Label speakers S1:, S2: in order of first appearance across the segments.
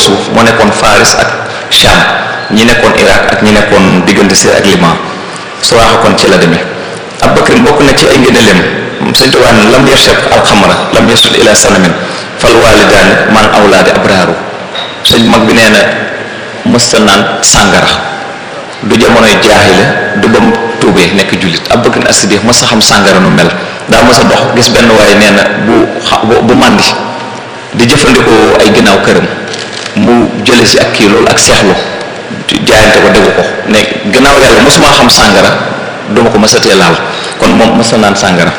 S1: suuf moo nekkoon Faris ak Sham ñi nekkoon Irak ak ñi nekkoon diggante Syrie ak Liban Suraaqa kon ci la demee Abu Bakr bokk na ci ay ngëneelam Sëñ Tuubaa ne lam yashab al xamra lam yasud ila sanamin fal waalidaani awlaadi abraaru sëñ mag bi nee na mësta naan sàngara du jamonoy jaaxile du bam tuubee nekk jullit Abu Bakr As-Siddiq mësta xam sàngara nu mel daa mësa dox gis benn waaye nee na bu xa bu màndi di jëfandikoo ay ginnaaw këram mu jële si ak kii loolu ak seexlu jaayante ko dégg ko ne gannaaw ma mosumaa xam sàngara duma ko mësatee laal kon moom mësa naan sàngara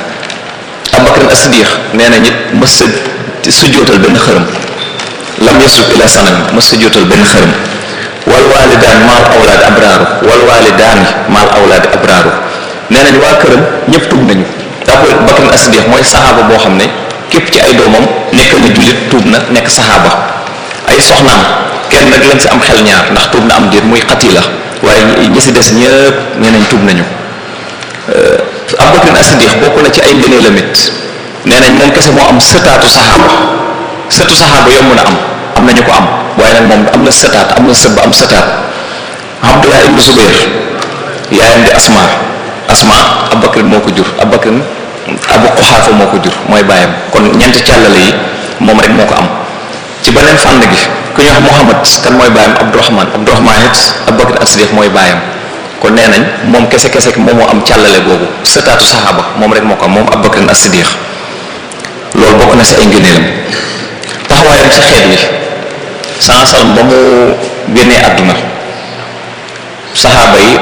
S1: abakar asidiix nee na ñit mësa sujjóotal benn xërëm lam yasub ila sanam mës sujjóotal benn xërëm wal waalidaan maal awlaad abraaru wal waalidaani maal awlaad abraaru nee nañ waa këram ñëpp tuub nañu abakar asidiix mooy saxaaba boo xam ne képp ci ay doomam nekk na jullit tuub na nekk saxaaba ay soxnaam kenn nag lañ si am xel ñaar ndax tuub na am déet muy la waaye ñi si des ñëpp nee tuub nañu euh, Abu Bakr as-Siddiq na ci ay ngëneelam it nee kese moo am sëtaatu saxaaba sëtu saxaaba yomb na am am nañu ko am waaye nag moom am na sëtaat am na sëb am sëtaat Abdullah ibn Zubayr yaayam di Asma Asma Abu Bakr moo ko jur Abu Bakr Abu Quhafa moo ko jur mooy baayam kon ñeenti càllale yi moom rek moo ko am ci beneen fànn gi ku ñu wax Muhammad kan mooy baayam Abdurahman Abdurahman it Abubakar As-Siddiq mooy baayam kon nee nañ moom kese kese moom moo am càllale googu sëtaatu saxaaba moom rek moo ko am moom Abubakar As-Siddiq loolu bokk na si ay ngëneelam taxawaayam sa xeet wi ba mu génnee àdduna saxaaba yi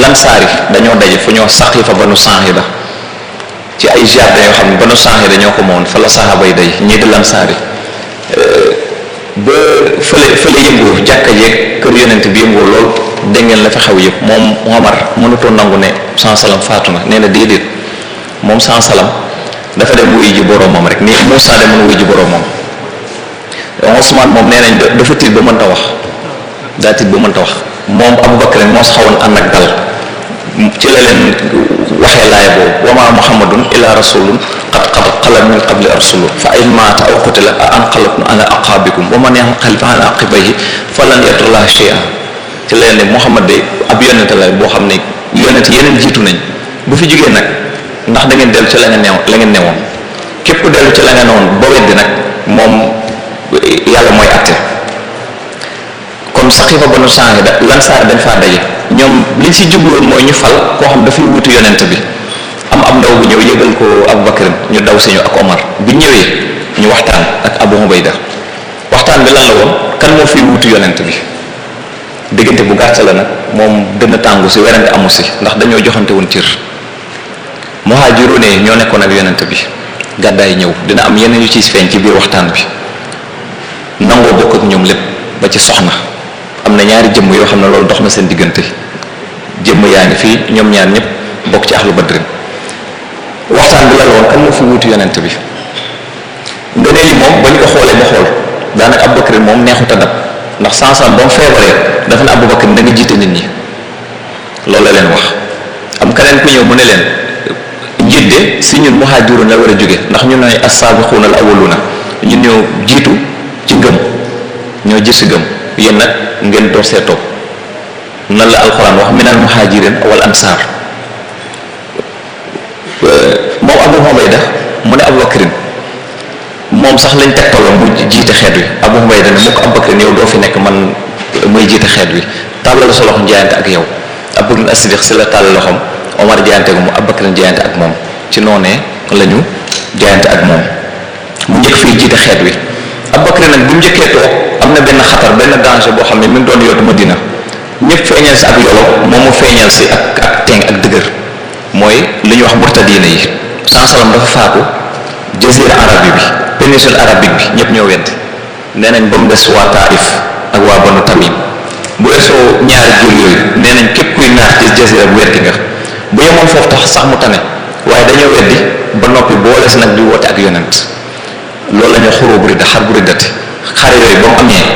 S1: lansaar dañoo daje fu ñoo saq yi fa banu Saaxida ci ay jardin yoo xam ne banu Saaxida ñoo ko moon fa la saxaaba yi day ñii yi Euh, ba fële fële yëngu jàkka jeeg kër yonent bi yëngu lool dégg ngeen la fa xew yëpp moom Omar mënutoo nangu ne sansalam salam faatu na nee na déedéet moom sansalam salam dafa dem wuyu ji boroomam rek ni Moussa dem na wuyu ji boroomam Ousmane moom nee nañ dafa tiit ba mënta wax daa tiit ba mënta wax moom Aboubacar moo xawoon ànd ak dal ci la leen waxee laay boobu wa maa Muhammadun illa rasulun qad xalat min qabli arsulu fa in maata aw qutila anqalabtum ala aqaabikum wa man yanqalib ala aqibayhi falan yadurra shay'an ci leen ne Muhammad de ab yonente la boo xam ne yonent yeneen jiitu nañ bu fi jigéen nag ndax da ngeen dellu ci la nga neew la ngeen newoon képp dellu ci la nga newoon ba weddi nag moom yàlla mooy atte kon saqifa banu saa'ida lan saar dañ faa daje ñoom liñ si jubloon mooy ñu fal koo xam dafay wuti yonent bi am ab ndaw bu ñëw yëgal ko Abu Bakar ñu daw sañu ak Omar bi ñëwee ñu waxtaan ak Abu Ubayda waxtaan bi lan la woon kan moo fi wutu yonent bi diggante bu gàtt la nag moom dënn tàngu si werante amul si ndax dañoo joxante woon cër muhaajiru ne ñoo nekkoon ak yonent bi gàddaay ñëw dina am yeneen yu ci feeñ ci biir waxtaan bi nangoo bokk ak ñoom lépp ba ci soxna am na ñaari jëmm yoo xam ne loolu dox na seen diggante jëm yaa ngi fii ñoom ñaar ñëpp bokk ci ahlu badrin waxtaan bi la woon kan moo fi wuutu yonent bi nga ne li moom bañ ko xoolee ba xool daanaka Abubakar moom neexut a dab ndax sansan ba mu feebaree dafa ne Abubakar da nga jiite nit ñi loolu la leen wax am keneen ku ñëw mu ne leen jidde si ñun muhaajiroon la war a jóge ndax ñu nooy as-saabiquuna al-awwaluuna ñu ñëw jiitu ci gëm ñoo jiitu ci gëm yéen nag ngeen door see topp nan la alxuraan wax minal muhaajiriin wal ansaar moom Abu Humayda mu ne Abu Bakrin moom sax lañ tegtaloon bu jiite xeet wi Abu Humayda ne mu ko Abu Bakrin yow doo fi nekk man muy jiite xeet wi tàllal sa loxo jaayante ak yow Abu Bakrin as si la tàll loxoom Omar jaayante ak moom Abu Bakrin jaayante ak moom ci noonee la ñu jaayante ak moom mu njëkk fii jiite xeet wi Abu Bakrin nag bu mu njëkkee toog am na benn xatar benn danger boo xam ne mi ngi doon yootu dina ñëpp feeñal si ak yolo moom mu feeñal si ak ak teng ak dëgër mooy li ñuy wax murtadiina yi sansalam dafa faatu jazira arabi bi péninsule arabique bi ñëpp ñoo went nee nañ ba mu des waa taarif ak waa banu tamim bu esoo ñaari jur yooyu nee nañ képp kuy naax ci jazira bu weddi nga bu yemoon foofu tax sax mu tane waaye dañoo weddi ba noppi boolees nag di woote ak yonent loolu la ñu xuróobu ridda xar bu riddati xare yooyu ba mu amee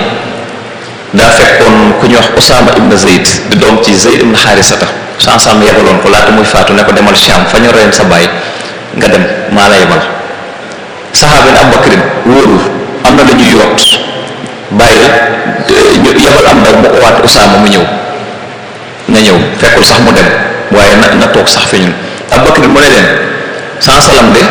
S1: daa fekkoon ku ñu wax Usaama ibn Zayd di doom ci Zayd ibn Xaarisata sansam yebaloon ko laata muy faatu ne ko demal Sham fa ñu reyoon sa bàyyi nga dem maa la yemal saxaaba ne Abubakrin wóorul am na la ñuy yoot bàyyi ñu yebal am ndaw mu owaat Usaama mu ñëw na ñëw fekkul sax mu dem waaye na na toog sax fi ñun Abubakrin mu ne leen sans salam de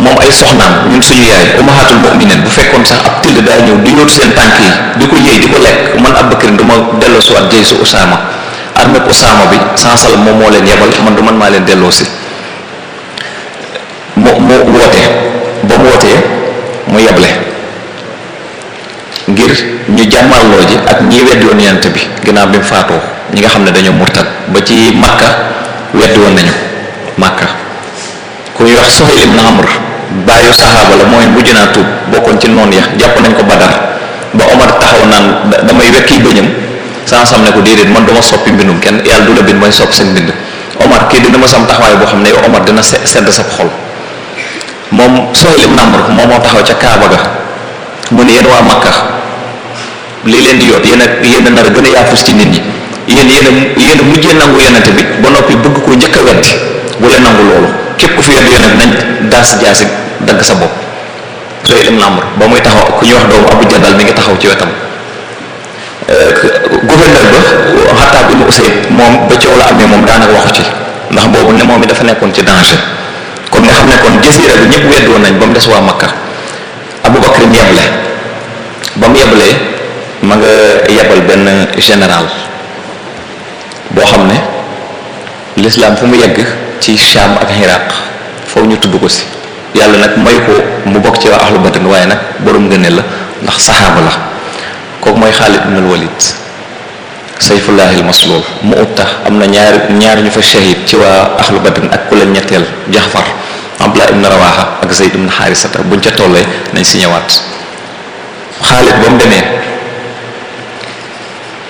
S1: moom ay soxnaam ñun suñu yaay ummahatul mu'minin bu fekkoon sax ab till daa ñëw di ñëw seen tànk yi di ko yëy di ko lekk man Abubakrin du ma delloo si waat jëy su Usaama armée Usaama bi sans moom moo leen yebal man du man maa leen delloo si mu mu woote ba mu wootee mu yeble ngir ñu jàmmarloo ji ak ñi weddi woon yonent bi ginnaaw bi mu faatoo ñi nga xam ne dañoo murtad ba ci Makka weddi woon nañu Makka ku ñuy wax Suhayl ibn Amr bàyyu saxaaba la mooy mujj naa tuub bokkoon ci noon ya jàpp nañ ko Badar ba Omar taxaw naan damay wekki bëñam sansam ne ko déedéet man duma soppi mbindum kenn yàlla du la bind mooy sopp seen mbind Omar kii di dama sam taxawaay boo xam ne yow Omar dina sedd sab xol moom Suhayl ibn Amr moom moo taxaw ca Kaaba ga mu ne yéen waa Makka li leen di yoot yéen a yéen a ndar gën a yaafus ci nit ñi yéen yéen a yéen a mujjee nangu yonente bi ba noppi bëgg ko njëkk a weddi bu leen nangu loolu képp ku fi weddi yonente nañ daas jaasi dagg sa bopp Suhayl ibn Amr ba muy taxaw ku ñuy wax doomu Abu Jadal mi ngi taxaw ci wetam euh, gouverneur ba Xattaab ibn Usayd moom ba coow la amee moom daanaka waxu ci ndax boobu ne moom it dafa nekkoon ci danger nga xam ne kon jasira bi ñëpp weddi nañ ba mu des waa Makka Abu Bakr mu ba mu yeblee ma nga yebal benn général boo xam ne l'islam fu mu yegg ci Sham ak Iraq foofu ñu tudd ko si yàlla nag may ko mu bokk ci waa ahlu badrin waaye nag borom ngëne la ndax saxaaba la kooku mooy Xaalid ibnul Walid sayfullahi almaslul mu utta am na ñaar ñaar ñu fa shahid ci waa ahlu badrin ak ku leen ñetteel Jaxfar Abdullah ibn Rawaha ak Zayd ibn Harisata buñ ca tollee nañ si ñëwaat Xaalid ba mu demee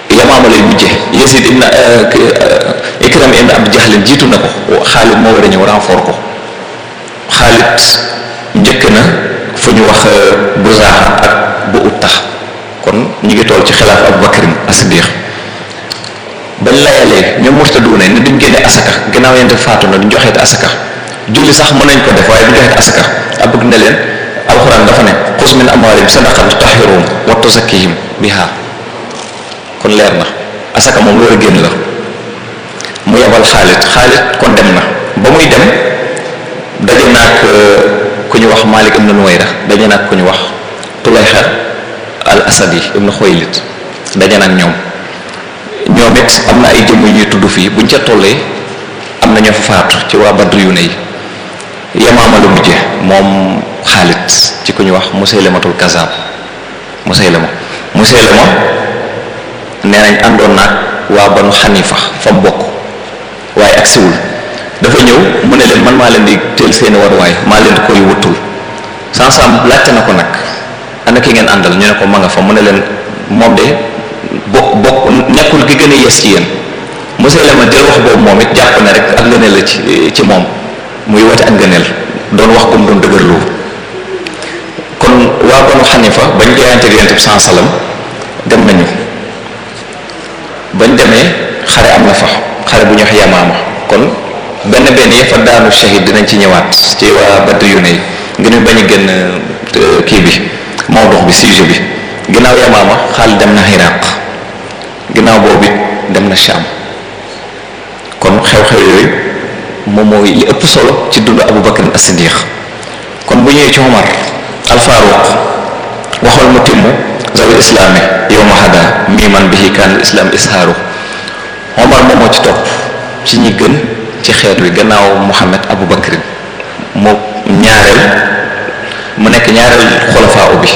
S1: Yamaama lay mujje Yazid ibn euh, euh, Ikram ibn Abi Jahl jiitu na ko Xaalid moo war a ñëw renfort ko Xaalid njëkk na fu ñu wax euh, Buzaaxa ak bu ut tax kon ñu ngi toll ci xilaaf Abu Bakrin As-Siddiq bañ layalee ñoom murtadu ne ne duñ génne asaka gannaaw yente faatu na duñ joxeete asaka julli sax mën nañ ko def waaye bu joxe asaka ak bëgg na leen alxuraan dafa ne xus min amwaalihim sadaqatan tutahhiruhum sa tuzakkihim bihaa kon leer na asaka moom loolu génn la mu yebal Xaalid Xaalid kon dem na ba muy dem daje naag euh, ku ñu wax Maalik ibnu Nuwayra daje naag ku ñu wax Tulayxa al Asadi ibnu Xuwaylid daje naag ñoom ñoom it am na ay jëmm ñuy tudd fii buñ ca tollee am na ñoo fa ci waa Badr yu ne yi yamaama la mujje moom xaalit ci ku ñu wax Musaylamatul Kazaab Musaylama Musaylama nee nañ àndoon naag waa Banu Xanifa fa mu bokk waaye ak siwul dafa ñëw mu ne leen man maa leen di teel seeni waruwaay maa leen di koy wuttul sansam laajte na ko nag ana yi ngeen àndal ñu ne ko ma nga fa mu ne leen moom de bokk bokk nekkul gi gën a yes ci yéen Musaylama jël wax boobu moom it jàpp ne rek ak ngëneel la ci moom muy woote ak gëneel doon wax ko mu doon dëgërlu kon waa banu xanifa bañ jooyante yonent bi saa dem nañu bañ demee xare am na fa xale bu ñu wax yamaama kon benn benn ya fa daanu shahid dinañ ci ñëwaat ci waa Badr yu ne yi ngir bañ a génn euh, kii bi mawdox bi sujet bi ginnaaw yamaama xaal dem na Iraq ginnaaw boobu dem na Sham kon xew-xew yooyu. moom mooy li ëpp solo ci dund Abu Bakar as-Siddiq kon bu ñëwee ci Omar al-Faruq mu timmu zawil islaami yow ma hada miiman bihi kaanal islaam ishaaru Omar moom moo ci topp ci ñi gën ci xeet wi gannaaw Muhammad Abu Bakrin moo ñaareel mu nekk ñaareel xulafaa bi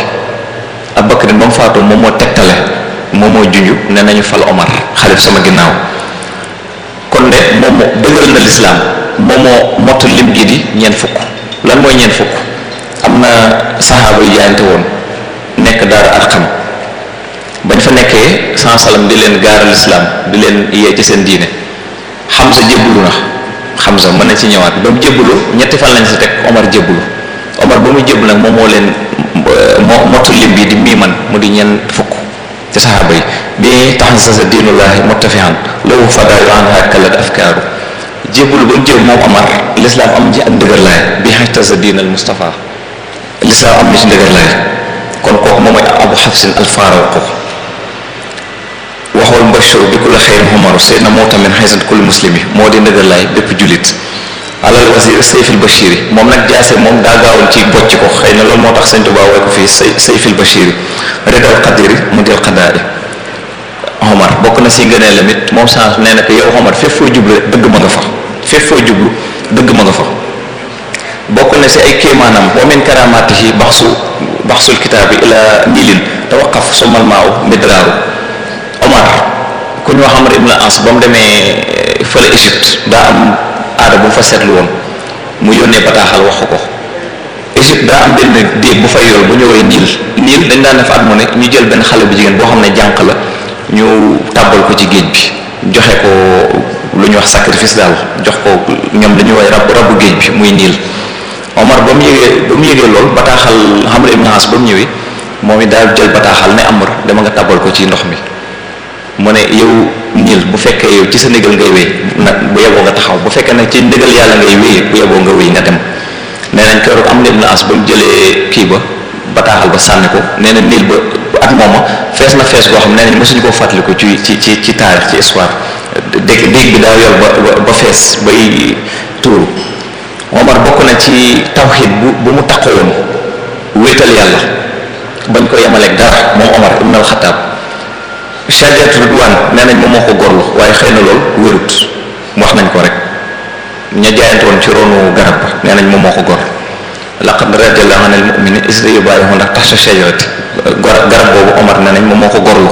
S1: Abu Bakrin ba mu faatoo moom moo tegtale moom moo junju ne nañu fal Omar xalif sama ginnaaw kon de moom moo dëgëral na lislaam moom moo mottal lim gi di ñeent fukk lan mooy ñeent fukk am na saxaaba yu jaante woon nekk daara arxam bañ fa nekkee sansalam di leen gaaral lislaam di leen yee ci seen diine Hamza jébbalu na Hamza mën na ci ñëwaat ba mu jébbalu ñetti fan lañ si teg Omar jébbalu Omar ba muy jébbalu nag moom moo leen moo mottal lim bi di mii man mu di ñeent fukk ci saxaaba yi bi taxasasa diinullahi muttafihan lawu fadaayu an hakkalat afkaaru jébbalu ba jël moom amar lislaam am ci ak ndëgër laay bi xaxtasa diinal Mustafa lislaam am ci ndëgër laay kon kooku moom mooy abu xafsin alfaaraw ko waxool mbashir bi ku la xëy na Umaru sayyidna moo tamit xëy na kul muslimi moo di ndëgër laay bépp jullit alal wasir sayfil bashir yi moom nag jaase moom daa gaawoon ci bocc ko xëy na loolu moo tax sëñ Tuubaa wooy ko fii say sayfil bashir yi redal xadiri mu del xadaari Omar bokk na si ngënee lamit moom sens nee na ko yow Omar fépp foo jublu dëgg ma nga fa fépp foo jublu dëgg ma nga fa bokk na si ay kéemaanam wa min karamatihi baxsu baxsul kitaabi ila nilin tawaqaf somal maaw mbidraaru Omar ku ñu wax Amr ibn As ba mu demee fële aada bu mu fa seetlu woon mu yónnee bataaxal wax ko Égypte daa am benn déeg bu fay yool bu ñëwee woowee niil niil dañ daan def at mu nekk ñu jël benn xale bi jigéen boo xam ne jànq la ñu tàbbal ko ci géej bi joxe ko lu ñuy wax sacrifice daal jox ko ñoom dañuy woy rab rabu géej bi muy niil Omar ba mu yëgee ba mu yëgee lool bataaxal xam ibn As ba mu ñëwee moom it daal jël bataaxal ne Amr dama nga tàbbal ko ci ndox mi mu ne yow niil bu fekkee yow ci sa ndigal ngay wéy nag bu yeboo nga taxaw bu fekkee nag ci ndigal yàlla ngay wéy bu yeboo nga wéy nga dem nee nañ keroog am na ibnu as jëlee kii ba bataaxal ba sànni ko nee na niil ba ak mooma fees na fees koo xam nee nañ mosuñu koo fàttaliku ci ci ci ci taarix ci histoire dégg dégg bi daa ba ba fees bay tuuru bokk na ci tawxid bu bu mu taqawoon wéetal yàlla ko yemaleeg dara moom Sadiatou Ridwan nee nañ moom moo ko gorlu waaye xëy na loolu wérut wax nañ ko rek ña jaayante woon ci ronu garab ba nee nañ moom moo ko gor laqad radiyallahu anil mu'minin isra yubayihu ndax tax sa shajarati garab boobu Omar nee nañ moom moo ko gorlu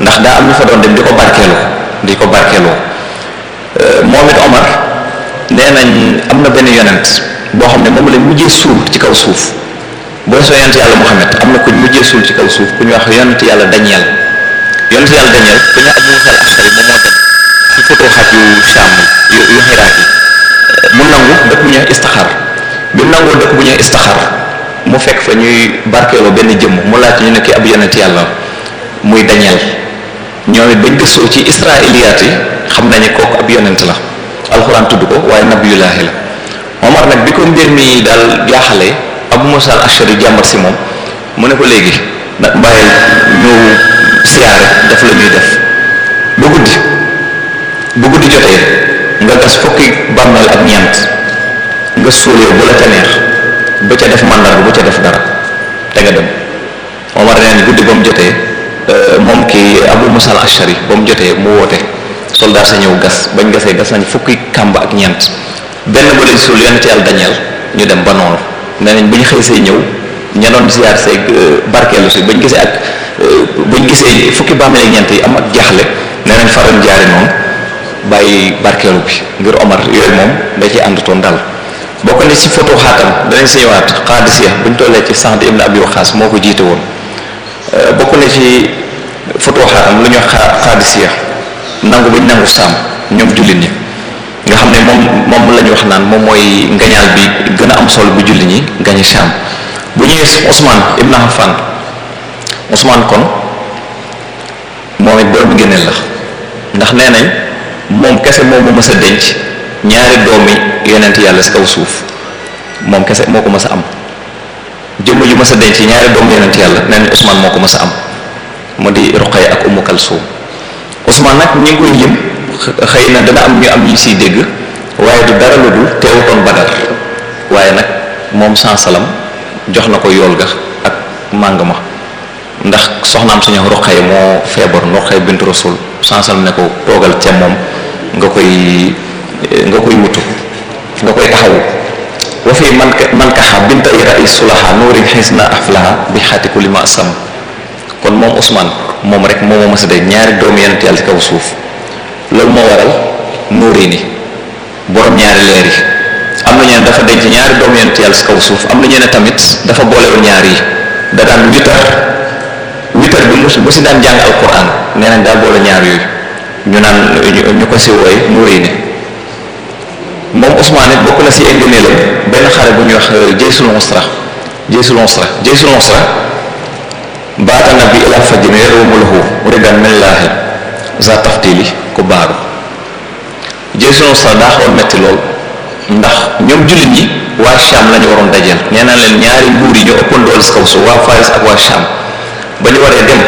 S1: ndax daa am ñu fa doon dem di ko barkeeloo di ko barkeeloo euh, moom it Omar nee nañ am na benn yonent boo xam ne moom lañ mujjee suul ci kaw suuf boo soo yonent yàlla Muhammad am na ku mujjee suul ci kaw suuf ku ñu wax yonent yàlla Daniel yonent yàlla Daniel dañoo ab Musa al Ashari moom moo dem ci foto xaj yi mu nangu dëkk bu ñuy istaxaar bi bu ñuy istaxaar mu fekk fa ñuy barkeeloo benn jëmm mu laaj ñu ne kii ab yonent yàlla muy Daniel ñoom it bañ ci israiliyaat yi xam nañu kooku ab la alxuraan tudd ko waaye nabiyullaahi la Omar nag bi mbir mi daal jaaxalee Abu Musa al mu ne ko léegi nag bàyyil sigaare daf la ñuy def ba guddi bu guddi jotee nga gas fukki bàmmeel ak ñeent nga suul yow la ca neex ba ca def màndar bu ca def dara te nga dem moom war neen guddi ba mu jotee euh, moom kii Abu Musa al-Ashari ba mu jotee mu woote soldat sa ñëw gas bañ gasee gas nañ fukki kàmb ak ñeent benn ba lañ suul yenn ci yàlla dañeel ñu dem ba noonu nañ bu ñu xëy see ñëw ña doon siyaar seeg euh, barkeelu si bañ gisee ak euh, buñ gisee fukki bàmmeel ak ñeent yi am ak jaaxle nee nañ faram jaari moom bàyyi barkeelu bi ngir Omar yooyu moom da ci ànd toon dal bokk na si photo xaatam danañ siñëwaat xaadisiya buñ tollee ci Sa'd ibn Abi xaas moo ko jiite woon euh, bokk na ci photo xaatam lu ñu xaadisiya nangu buñ nangu saam ñoom jullit ñi nga xam ne moom moom la ñu wax naan moom mooy ngañaal bi gën a am solo bu julli ñi gañe saam bu ñëwee si Ousmane Ibn Affan Ousmane kon moom it borom génneel la ndax nee nañ moom kese moo ma mës a denc ñaari doomi yonent yàlla si kaw suuf moom kese moo ko mës a am jëmm ju mës a denc ñaari doom yonent yàlla nee nañ moo ko mës a am moo di Ruqayya ak Ummu Kalsum Ousmane nag ñu ngi koy lim xëy na dana am ñu am ñu siy dégg waaye du dara lu dul teewutoon Badar waaye nag moom sans jox na ko yool ga ak màng ma ndax soxnaam suñu ruqay moo feebaroon ruqay bint rasul sansal ne ko toogal ca moom nga koy nga koy wutu nga koy taxawu wa fi man man kaxa binta irai sulaha nuuri xis na aflaha bi xaatiku li ma sam kon moom Ousmane moom rek moom ma mësa de ñaari doomu yonent yàlla ci kaw suuf loolu moo waral nuuri ni borom ñaari leer yi dafa denc ñaari doom yonent yàlla si kaw suuf am na ñu tamit dafa boolewul ñaar yi da daan wittar wittar bi mu mu si daan jàng alquran nee nañ daa boole ñaar yooyu ñu naan ñu ko si wooy nuuréy ni moom Ousmane it bokk na si ay ngëneelam benn xare bu ñuy wax euh, jaysul usra jaysul usra jaysul usra baata nabi ila fajjin yarumulahu ridan minllahi za taftili ku baaru jaysul usra daa xawoon metti lool ndax ñoom jullit yi waa Sham la waroon dajeel nee naa leen ñaari buur yi ñoo ëppoon doole si kaw suuf waa Faris ak waa Sham ba ñu waree dem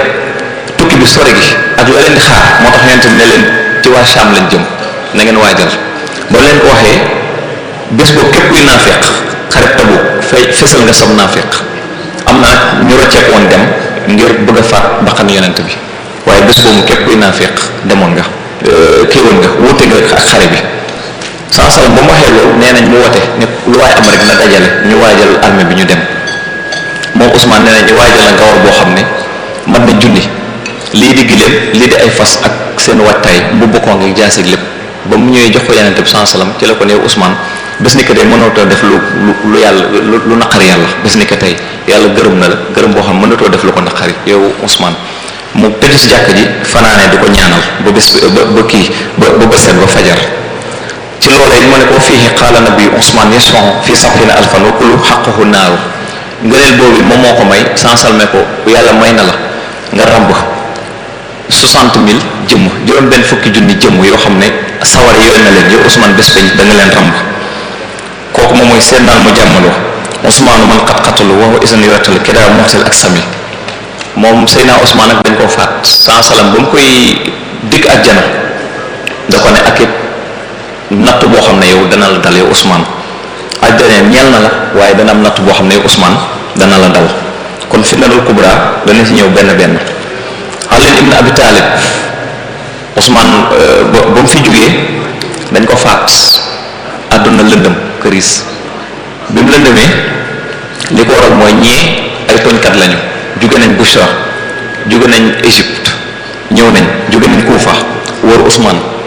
S1: tukki bi sore gi ak la leen di xaar moo tax yonent bi ne leen ci waa Sham lañ jëm na ngeen waajal ba leen ko waxee bés boobu képp kuy naafeq xarit tabu fay fesal nga sam naafeq am na ñu rocceek woon dem ngir bëgg a faat baqan yonent bi waaye bés boobu képp kuy naafeq demoon nga euh, kéewoon nga wuute nga bi saa sallam ba mu waxee loolu nee nañ mu wote ne lu waaye am rek na dajale ñu waajal armée bi ñu dem moom Ousmane nee nañ ñu waajal la boo xam ne man na junni lii di giléem lii di ay fas ak seen wattaay bu ko ngi jaaseeg lépp ba mu ñëwee jox ko yenente bi saa sallam ci la ko ne Ousmane bés ni que tey mënatoo def lu lu lu yàlla lu naqar yàlla bés ni que tey yàlla gërëm na la gërëm boo xam ne mënatoo def la ko naqari yow Ousmane mu tëdd si jàkk ji fanaane di ko ñaanal ba bés ba ba fajar ci loolee ma ne ko fii bi nabi Ousmane yasfan fii safina alfan wa kullu xaquhu naaru ngëneel boobu moom moo ko may sansalme ko yàlla may na la nga ràmb soixante mille jëm juróom benn fukki junni jëmm yoo xam ne saware yooyu na leen yow Ousmane bés bañ leen ràmb kooku moom mooy seen daal mu jàmmaloo Ousmane man xat xatalu wa isan yuratal kidaa muxsil ak sami moom Seydina Ousmane ak dañ koo faat sansalam ba mu koy dikk àjjana da ko ne ak yëpp natt boo xam ne yow dana la dal yow Ousmane ajjana ñeel na la waaye dana am natt boo xam ne yow Ousmane dana la dal kon fitnatul kubra dana ci ñëw benn benn Ali ibn Abi Talib Ousmane euh, ba ba mu fi jógee dañ ko faat àdduna lëndëm këris bi mu lëndëmee li ko waral mooy ñee ay tooñkat lañu jóge nañ Bushra jóge nañ Égypte ñëw nañ jóge nañ Kufa wër Ousmane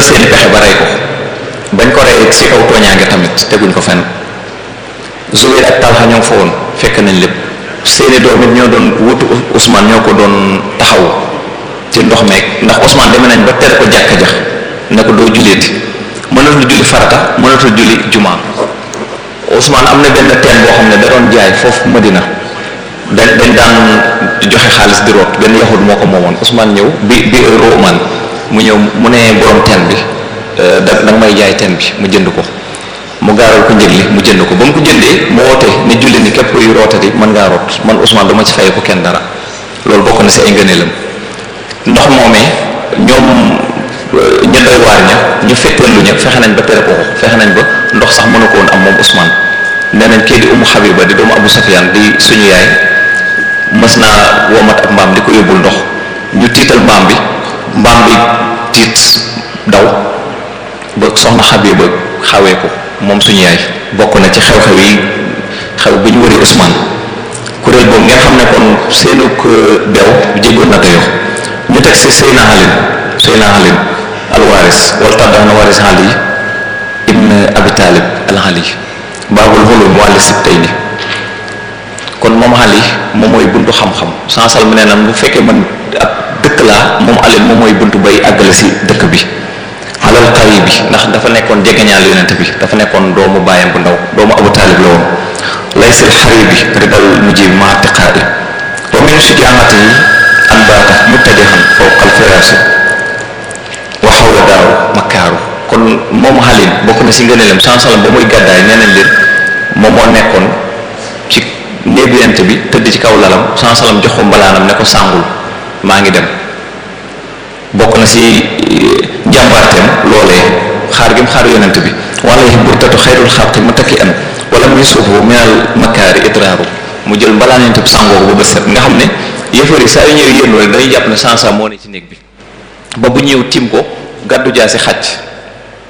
S1: tëral seen pexe ba rey ko bañ ko rey ci kaw tooñaange tamit teguñ ko fenn Zubayr ak Talha ñoo fa woon fekk nañ lépp seeni doom it ñoo doon wutu Ousmane ñoo ko doon taxaw ci ndox meeg ndax Ousmane demee nañ ba ter ko jàkka jax ne ko doo julleeti mënatul julli farata mënatul julli juma Ousmane am na benn teen boo xam ne da doon jaay foofu Madina dañ dañ daan joxe xaalis di root benn yahud moo ko moomoon Ousmane ñëw bi bi Roman mu ñëw mu ne borom teen bi euh, da da nga may jaay teen bi mu jënd ko mu gaaral ko njëg li mu jënd ko ba mu ko jëndee mu woote ne julli ni képp kuy roote di mën ngaa root man Ousmane dama ci fay kenn dara loolu bokk na si ay ngëneelam ndox moomee ñoom euh, ña doy waar ña ñu fexe nañ ba tere ko fexe nañ ba ndox sax mënu ko woon moom Ousmane nee nañ kii di umu Habiba di doomu Abu Sufyan di suñu yaay mas naa womat ak mbaam di ko yóbbul ndox ñu tiital mbaam bi. mbaam bi tiit daw ba soxna xabee ba xawee ko moom suñu yaay bokk na ci xew-xew yi xew bi ñu wari Ousmane kuréel boobu ngeen xam ne kon seenug dew jégoon na dayoo ñu teg si Seyna Alin Seyna Alin alwaris wala taddax na waris Ali ibn Abi Talib al Ali baabul ni kon moom Ali moom mooy buntu xam-xam sansal mu ne nan fekkee man ab laa moom Alioune moom mooy buntu bay àggale si dëkk bi alal xarit bi ndax dafa nekkoon jegeñaal yonent bi dafa nekkoon doomu baayam bu ndaw doomu Abu Taalib la woon laysal xarit bi ridal mujj bi maa tiqaari ba mu ne si jaamate yi am bokk na si ngëneelam sansalam ba muy gàddaay nee nañ moom moo nekkoon ci néegu yonent bi tëdd ci kaw lalam sansalam jox ko mbalaanam ne ko sàngul maa ngi dem bokk na si eh, jàmbaarteem loolee xaar gi mu xaar yonent bi wala yi burtatu xayrul xalqi mu takki an wala mu yusufu minal makaari itraaru mu jël mbalaanentub sàngoo ba ba set nga xam ne yëfari saa yu ñëw yéen loole dañuy jàpp ne sansa moo ne ci néeg bi ba bu ñëw tiim ko gàddu jaa si xàcc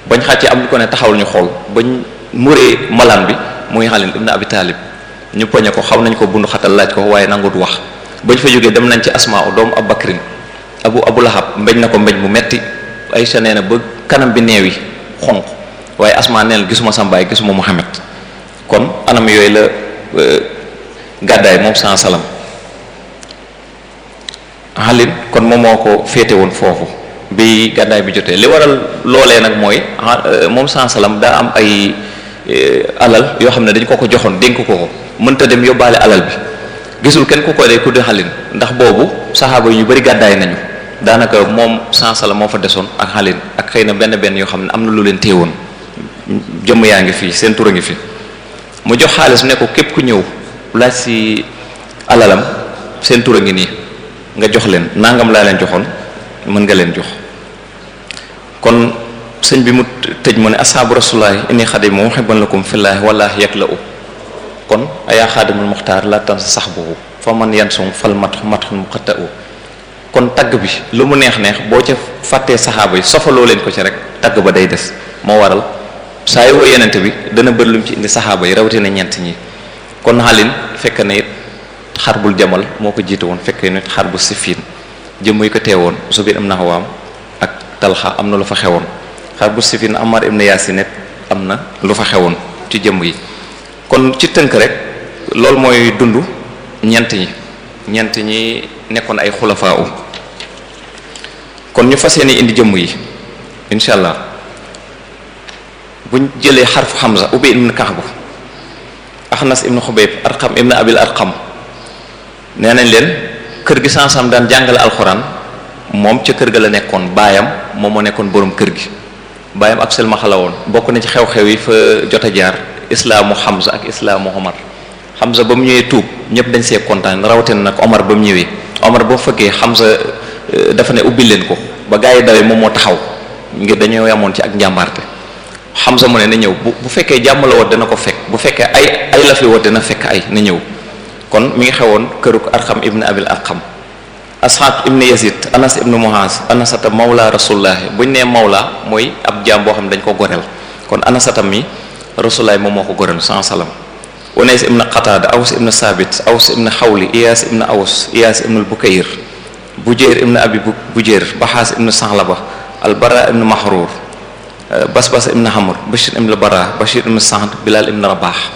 S1: bañ xàccee am lu ko ne taxawal ñu xool bañ muree malaan bi muy xalin ibn abi taalib ñu poñe ko xaw nañ ko bundu xatal laaj ko waaye nangut wax bañ fa jógee dem nañ ci asmaa doomu abakrin abu abu lahab mbeñ na ko mbeñ mu metti ay nee na ba kanam bi neewi xonq waaye asmaa nee gisuma sambaay gisuma Muhammad kon anam yooyu la euh, gàddaay moom sans salam xalin kon moom moo ko féete woon foofu bi gàddaay bi jotee li waral loolee nag mooy euh, moom sans salam daa am ay euh, alal yoo xam ne dañ ko ko joxoon dénk ko ko mënta dem yóbbaale alal bi gisul kenn ku koy dee ku di xalin ndax boobu saxaaba ñu bari gàddaay nañu daanaka moom la moo fa desoon ak xalin ak xëy na benn benn yoo xam ne am na lu leen téewoon jëmm yaa ngi fii seen tur ngi fi mu jox xaalis ne ko képp ku ñëw laaj si alalam seen tur ngi nii nga jox leen nangam laa leen joxoon mën nga leen jox kon sëñ bi mu tëj mu ne asaabu rasulaay inni xadimu ko lakum fillaahi wallaahi yakla'u kon ayaa xaadimul muxtaar laa tan sax boobu fa man yan sum fal mat mat mu xëtta kon tagg bi lu mu neex neex boo ca fàttee saxaaba yi sofaloo leen ko ci rek tagg ba day des moo waral saa yoo yenente bi dana bëri lu ci indi saxaaba yi rawatina ñeent ñi kon xalin fekk na it xar bul jamal moo ko jiite woon fekk na it xar bu sifiin jëmm yi ko teewoon su biir am na xawaam ak talxa am na lu fa xewoon xar bu sifiin amar ibn yaasin am na lu fa xewoon ci jëmm yi kon ci tënk rek loolu mooy dund ñent ñi ñent ñi nekkoon ay xulafaaw kon ñu fas yéene indi jëmm yi incha allah buñ jëlee xarfu Hamza ubay ibn Ka'b Axnas ibn Xubayb Arqam ibn Abil Arqam nee nañ leen kër gi sansam daan jàngale alxuraan moom ca kër ga la nekkoon baayam moom moo nekkoon boroom kër gi baayam ak sel ma xalawoon bokk na ci xew-xew yi fa jot a jaar islaamu Hamza ak islaamu Omar Hamza ba mu ñëwee tuub ñëpp dañ see kontaan rawatina nag Omar ba mu ñëwee Omar boo fekkee Hamza euh, dafa ne ubbi leen ko ba gars yi dawee moom moo taxaw ngir dañoo yamoon ci ak njàmbaarte Hamza mu ne ne ñëw bu bu fekkee jàmm la woot dana ko fekk bu fekkee ay ay fi woot dana fekk ay na ñëw kon mu ngi xewoon këruk Arqam ibn Abil Arqam Asxaab ibn Yazid Anas ibn Muhaz Anasata mawla rasulullahi buñ nee mawla mooy ab jaam boo xam dañ ko goreel kon Anasata mi. rasulaay moom moo ko gërëm saa salaam unays ibn qataada aws ibn saabit aws ibn xawli iyaas ibn aws iyaas ibn bukayr bujeer ibn abi bujeer baxaas ibn sanlaba albara ibn mahruur eh, basbas ibn hamr bashir ibn bara bashir ibn sa'd bilal ibn rabaax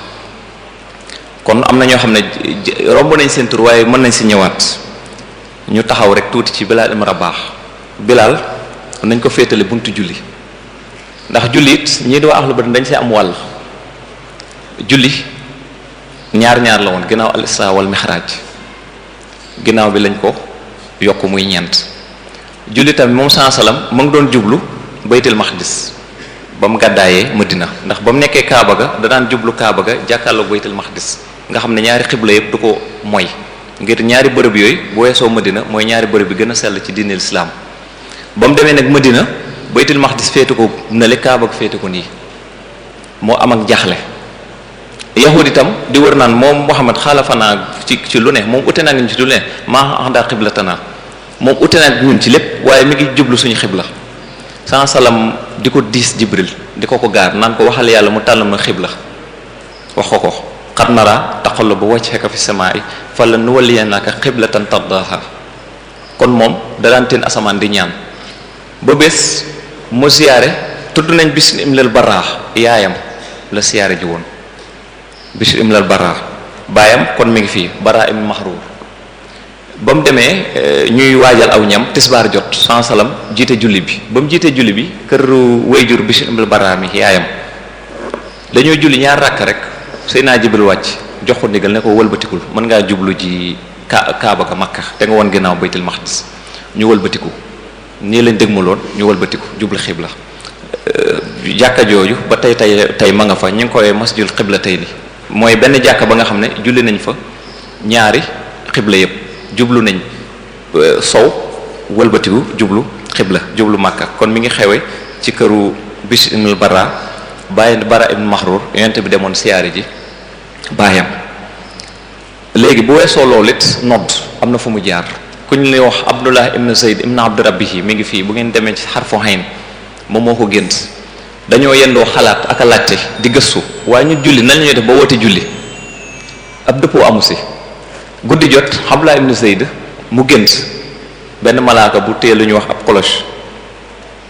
S1: kon am na ñoo xam ne romb nañ seen tur waaye mën nañ si ñëwaat ñu taxaw rek tuuti ci bilal ibn rabaax bilal nañ ko féetale buntu julli ndax jullit ñii di waa ahlu badrin dañ see am wàll julli ñaar ñaar la woon ginnaaw al isra wal mixraaj ginnaaw bi lañ ko yokk muy ñeent julli tamit moom saa salaam mu ngi doon jublu baytil maxdis ba mu gàddaayee madina ndax ba mu nekkee kaaba ga da jublu kaaba ga jàkkaarloog baytil maxdis nga xam ne ñaari xibla yëpp du ko mooy ngir ñaari bërëb yooyu bu weesoo madina mooy ñaari bërëb bi gën a sell ci diineel islaam ba mu demee nag madina baytul maxdis féete ko na le kaaba féete ko nii moo am ak jaxle yahud itam di wër naan moom Muhammad xaalafanaa ci ci lu ne moom ute naa ngi ci lu ne maa anda xiblatanaa moom ute naa ñun ci lépp waaye mi ngi jublu suñu xibla san salam di ko diis jibril di ko ko gaar naan ko waxal yàlla mu tàllal ma xibla wax ko ko xat nara taqallubu wajhaka fi samaa'i fa la nuwalliyannaka xiblatan tardaha kon moom da daan teen asamaan di ñaan ba bés mu siyaare tudd nañ bishr imlal baraax yaayam la siyaare ji woon bishr imlal baraax baayam kon mi ngi fii baraa im maxruur ba mu demee eh, ñuy waajal aw ñam tisbaar jot sans jiite julli bi ba mu jiite julli bi kër wayjur bishr imlal baraax mi yaayam dañoo julli ñaar rakk rek sëy naa jibril wàcc jox ko ndigal ne ko wëlbatikul mën ngaa jublu ji ka kaaba ka makka te nga woon ginnaaw baytul maqdis ñu walbatiku nii lañ dégmaloon ñu walbatiku jublu xibla euh, jàkka jooju ba tey tey tey ma nga fa ñu ngi koy masjidul xibla tey ni mooy benn jàkk ba nga xam ne julli nañ fa ñaari xibla yëpp jublu nañ euh, sow walbatiku jublu xibla jublu màkka kon mi ngi xewe ci këru bis ibnul bara bàyyi bara ibn maxrur yonent bi demoon siyaare ji baayam léegi bu weesoo loolu it nodd am na fu mu jaar ku ñu lay wax abdullah ibn zayd ibn abdu rabbihi mi ngi fii bu ngeen demee ci xarfu hayn moom moo ko gént dañoo yendoo xalaat ak a laajte di gëstu waaye ñu julli nan la ñuy def ba woote julli ab dëppoo amu si guddi jot abdullah ibn zayd mu gént benn malaaka bu téye lu ñuy wax ab cloche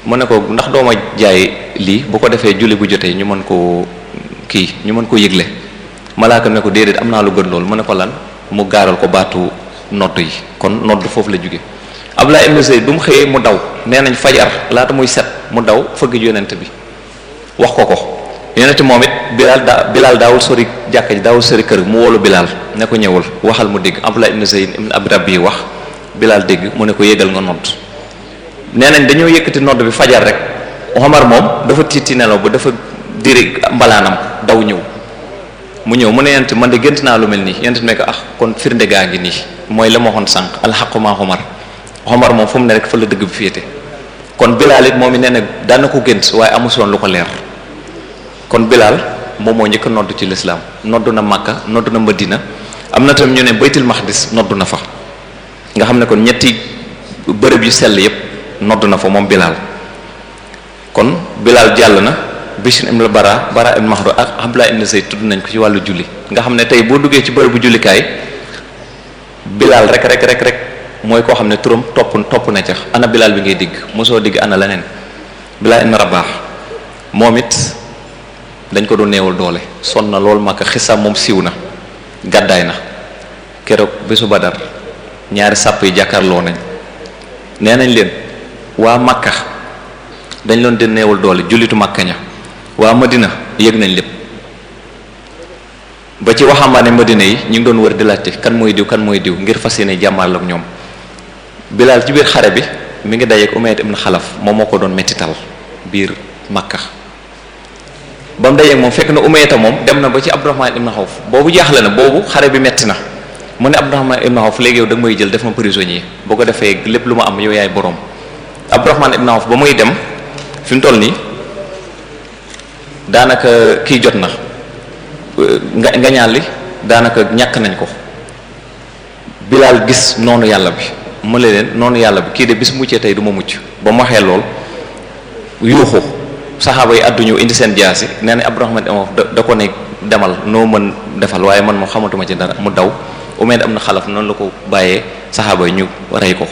S1: mu ne ko ndax dooma jaay lii bu ko defee julli bu jotee ñu mën koo kii ñu mën ko yëgle malaaka ne ko déedéet am naa lu gën loolu mu ne ko lan mu gaaral ko baatu nodd yi kon nodd foofu la jóge Abdullah ibn Zayd bi mu xëyee mu daw nee nañ fajar laata muy set mu daw fëgg yonent bi wax ko ko yonent moom it Bilal da Bilal daawul sori jàkka ji daawul sori kër mu wolu Bilal ne ko ñëwul waxal mu dégg Abdullah ibn Zayd ab Abi yi wax Bilal dégg mu ne ko yégal nga nodd nee nañ dañoo yëkkati nodd bi fajar rek Omar moom dafa tiiti nelaw ba dafa diri mbalaanam daw ñëw mu ñëw mu ne yent man de gént naa lu mel nii yent ne ko ah kon firnde gaa ngi nii mooy la ma waxoon sànq alxaquma xomar xomar moom fu mu ne rek fa la dëgg bi féete kon bilaal it moom it nee na daan na ko gént waaye amusoon lu ko leer kon bilaal moom moo njëkk nodd ci lislaam nodd na makka nodd na madina am na tam ñu ne baytul maxdis nodd na fa nga xam ne kon ñetti bërëb yu sell yépp nodd na fa moom bilaal kon bilaal jàll na Bishr ibn Bara Bara ibn Mahru ak Abdullah ibn Zayd tudd nañ ko ci wàllu julli nga xam ne tey boo duggee ci bërëbu jullikaay Bilal rek rek rek mooy koo xam ne turam topp topp na cax ana Bilal bi ngay digg mosoo digg ana leneen Bilal ibn baax moom it dañ ko doon neewul doole son na loolu màkk xisam moom siiw na gàddaay na keroog bésu Badar ñaari sàpp yi jàkkaarloo nañ nee nañ leen waa màkka dañ loon di neewul doole jullitu màkka ña waa Madina yëg nañ lépp ba ci waxambaane Madina yi ñu ngi doon war di laajte kan mooy diw kan mooy diw ngir fas yéene jàmmaarloo ak ñoom Bilaal ci biir xare bi mi ngi dajeek Umayya ibn Xalaf moom moo ko doon mettital biir Makka ba mu dajeek moom fekk na Umayya moom dem na ba ci Abdurahmaan ibn Xawf boobu jaaxle na boobu xare bi metti na mu ne Abdurahmaan ibn Xawf léegi yow da nga may jël def ma prisonnier boo ko defee lépp lu ma am yow yaay boroom Abdurahmaan ba muy dem fi mu nii. daanaka kii jot na nga nga li daanaka ñàkk nañ ko bilaal gis noonu yàlla bi mu ne leen noonu yàlla bi kii de bis muccee tey du ma mucc ba mu waxee lool yuuxu saxaaba yi àdduñu indi seen jaasi nee na Abdurahman da ko ne demal noo mën defal waaye man moom xamatuma ci dara mu daw Umayyad am na xalaf noonu la ko bàyyee saxaaba yi ñu rey ko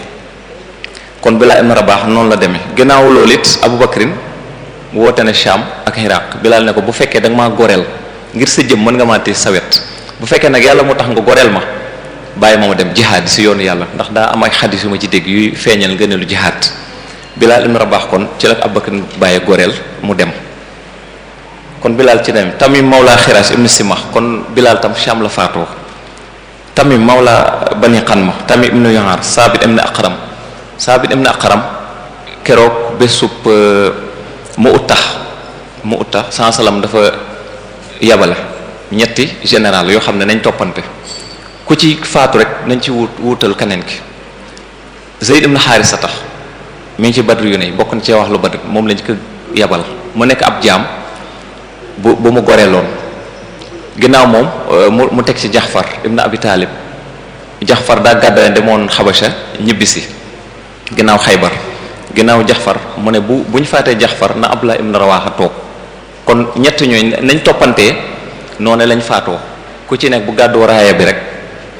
S1: kon Bilaal ibn Rabaah noonu la demee gannaaw loolu it Abu Bakrin woote na Sham ak Iraq Bilaal ne ko bu fekkee danga nga maa goreel ngir sa jëm mën nga maa téye sa wet bu fekkee nag yàlla moo tax nga goreel ma bàyyi ma ma dem jihaad si yoonu yàlla ndax daa am ay xadis yu ma ci dégg yuy feeñal nga ne lu jihaad Bilaal ibn Rabaax kon ci la Abu Bakr bàyyi goreel mu dem kon Bilaal ci dem Tamim Mawla Xiraas ibn Simax kon Bilaal tam Sham la faatoo Tamim maw laa Qanma Tamim tamit Yuhar Saabit ibn Aqram Saabit ibn Aqram keroog euh, mu ut tax mu ut tax saa salaam dafa yabale ñetti général yoo xam ne nañ toppante ku ci faatu rek nañ ci wut wuutal keneen ki Zayd ibn Haarisa tax mi ngi ci Badr yu ne bokk na cee wax lu Badr moom lañ ko yabal mu nekk ab jaam bu bu mu goreeloon ginnaaw moom euh, mu mu teg ci Jaxfar ibn Abi Taalib Jaxfar daa gàddalee demoon Xabasha ñibbisi ginnaaw Xaybar ginnaaw jaxfar mu ne bu bu ñu faatee jaxfar na abdullah ibn rawaxa toog kon ñett ñooñ nañ toppantee noonu lañ faatoo ku ci nekk bu gàddu raaya bi rek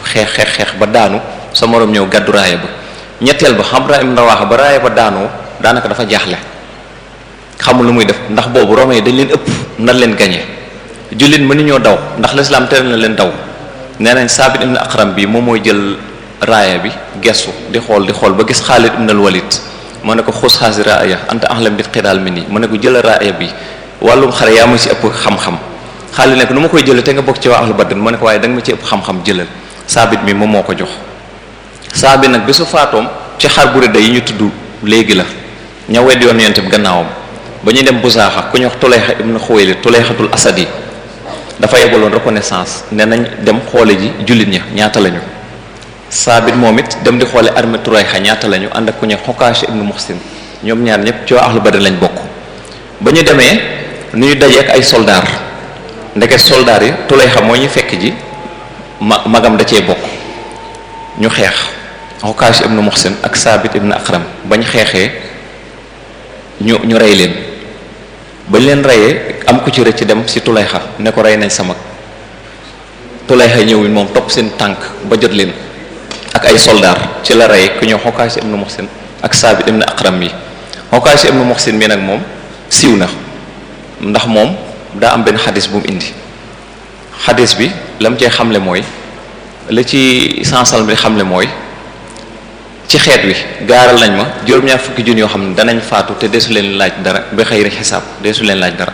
S1: xeex xeex ba daanu sa moroom ñëw gàddu raaya ba ñetteel ba abdullah ibn rawaxa ba raaya ba daanoo daanaka dafa jaaxle xamul lu muy def ndax boobu yi dañ leen ëpp nan leen gañe jullit mënuñoo daw ndax lislaam tere na leen daw nee nañ saabit ibn aqram bii moom mooy jël raaya bi gestu di xool di xool ba gis xaalid ibn al ma ne ko xusxaas raaya anta ahlam bi xidaal mi nii ma ne ko jël raaya bi wàllum xare yaa ma ci ëpp xam-xam xaalis ne ko nu ma koy jëlee te nga bokk ci waa ahlu badr ma ne ko waaye da nga ma ci ëpp xam-xam jëlal saabit mi moom moo ko jox saabit nag bi su faatoom ci xaar bu rëdd yi ñu tudd léegi la ña wedd yoon yonent bi gannaawam ba ñuy dem busaaxa ku ñu wax tuleyxa ibnu xuwayli tuleyxatul asadi dafa yebaloon reconnaissance ne nañ dem xoole ji jullit ña ñaata lañu saabit moom it dem di xoole armée Turayxa ñaata lañu ànd ak ku ñu Xokaasha ibnu Muxsin ñoom ñaar ñëpp ci waa ahlu Badr lañ bokk ba ñu demee nu ñu dajeek ay soldaar ndeke soldaar yi Turayxa moo ñu fekk ji ma magam da cee bokk ñu xeex Xokaasha ibnu Muxsin ak saabit ibnu Aqram bañ xeexee ñu ñu rey leen bañ leen reyee am ku ci rëcc dem si Turayxa ne ko rey nañ sa mag Turayxa ñëwuñ moom topp seen tànk ba jët leen ak ay soldaar ci la rey ku ñëw Xokaasi ibnu Muxsin ak Saabit ibnu Aqram yi Xokaasi ibnu Muxsin mi nag moom siiw na ndax moom daa am benn xadis bu mu indi xadis bi la mu cay xamle mooy la ci sansal bi xamle mooy ci xeet wi gaaral nañ ma juróom-ñaar fukki jun yoo xam ne danañ faatu te deesu leen laaj dara ba xëy rek xisaab deesu leen laaj dara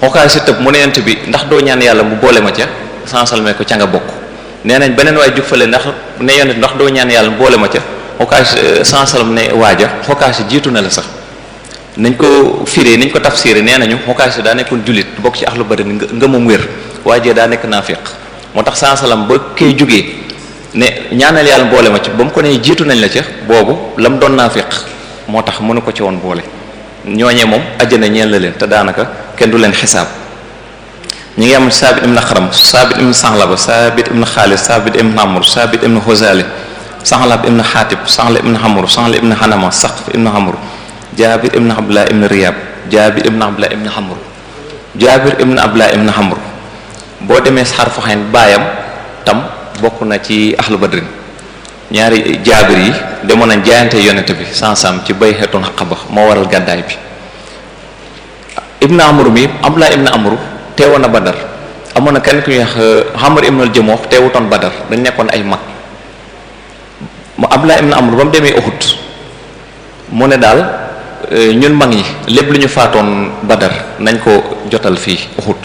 S1: Xokaasi tëb mu ne yent bi ndax doo ñaan yàlla mu boole ma ca sansal mee ko ca nga bokk nee nañ beneen waay jug fële ndax ne yonent ndax doo ñaan yàlla boole ma ca Okaz euh, sansalam ne waaja si jiitu na la sax nañ ko fiire nañ ko tafsiré nee nañu Okaz daa nekkoon jullit bokk ci axlu bari ngëmam wér waajee daa nekk naafiq moo tax sansalam ba koy jugee ne ñaanal yàlla mboole ma ca ba mu ko nee jiitu nañ la ca boobu lam doon naafiq moo tax mënu ko ci woon boole ñooñee moom àjjana ñeel la leen te daanaka kenn du leen xisaab ñi ngi am saabit ibn xaram saabit ibn sanlaba saabit ibn xaalid saabit ibn amr saabit ibn xosali sanlab ibn xaatib sanla ibn xamr sanla ibn xanama saqf ibn xamr jaabir ibn abdullah ibn riyab jaabir ibn abdullah ibn xamr jaabir ibn abdullah ibn xamr boo demee xarfu xayn baayam tam bokk na ci ahlu badrin ñaari jaabir yi demoon nañ jaayante yonente bi sansam ci bay xeetoon xaqaba moo waral gàddaay bi ibn amr mi abdullah ibn amr teewoon na Badar amoon na kenn ku ñuy wax euh, Amr ibn al teewutoon Badar dañ nekkoon ay mag mu Abdullah ibn Amr ba mu demee Uhud mu ne daal euh, ñun mag ñi lépp lu ñu faatoon Badar nañ ko jotal fii Uhud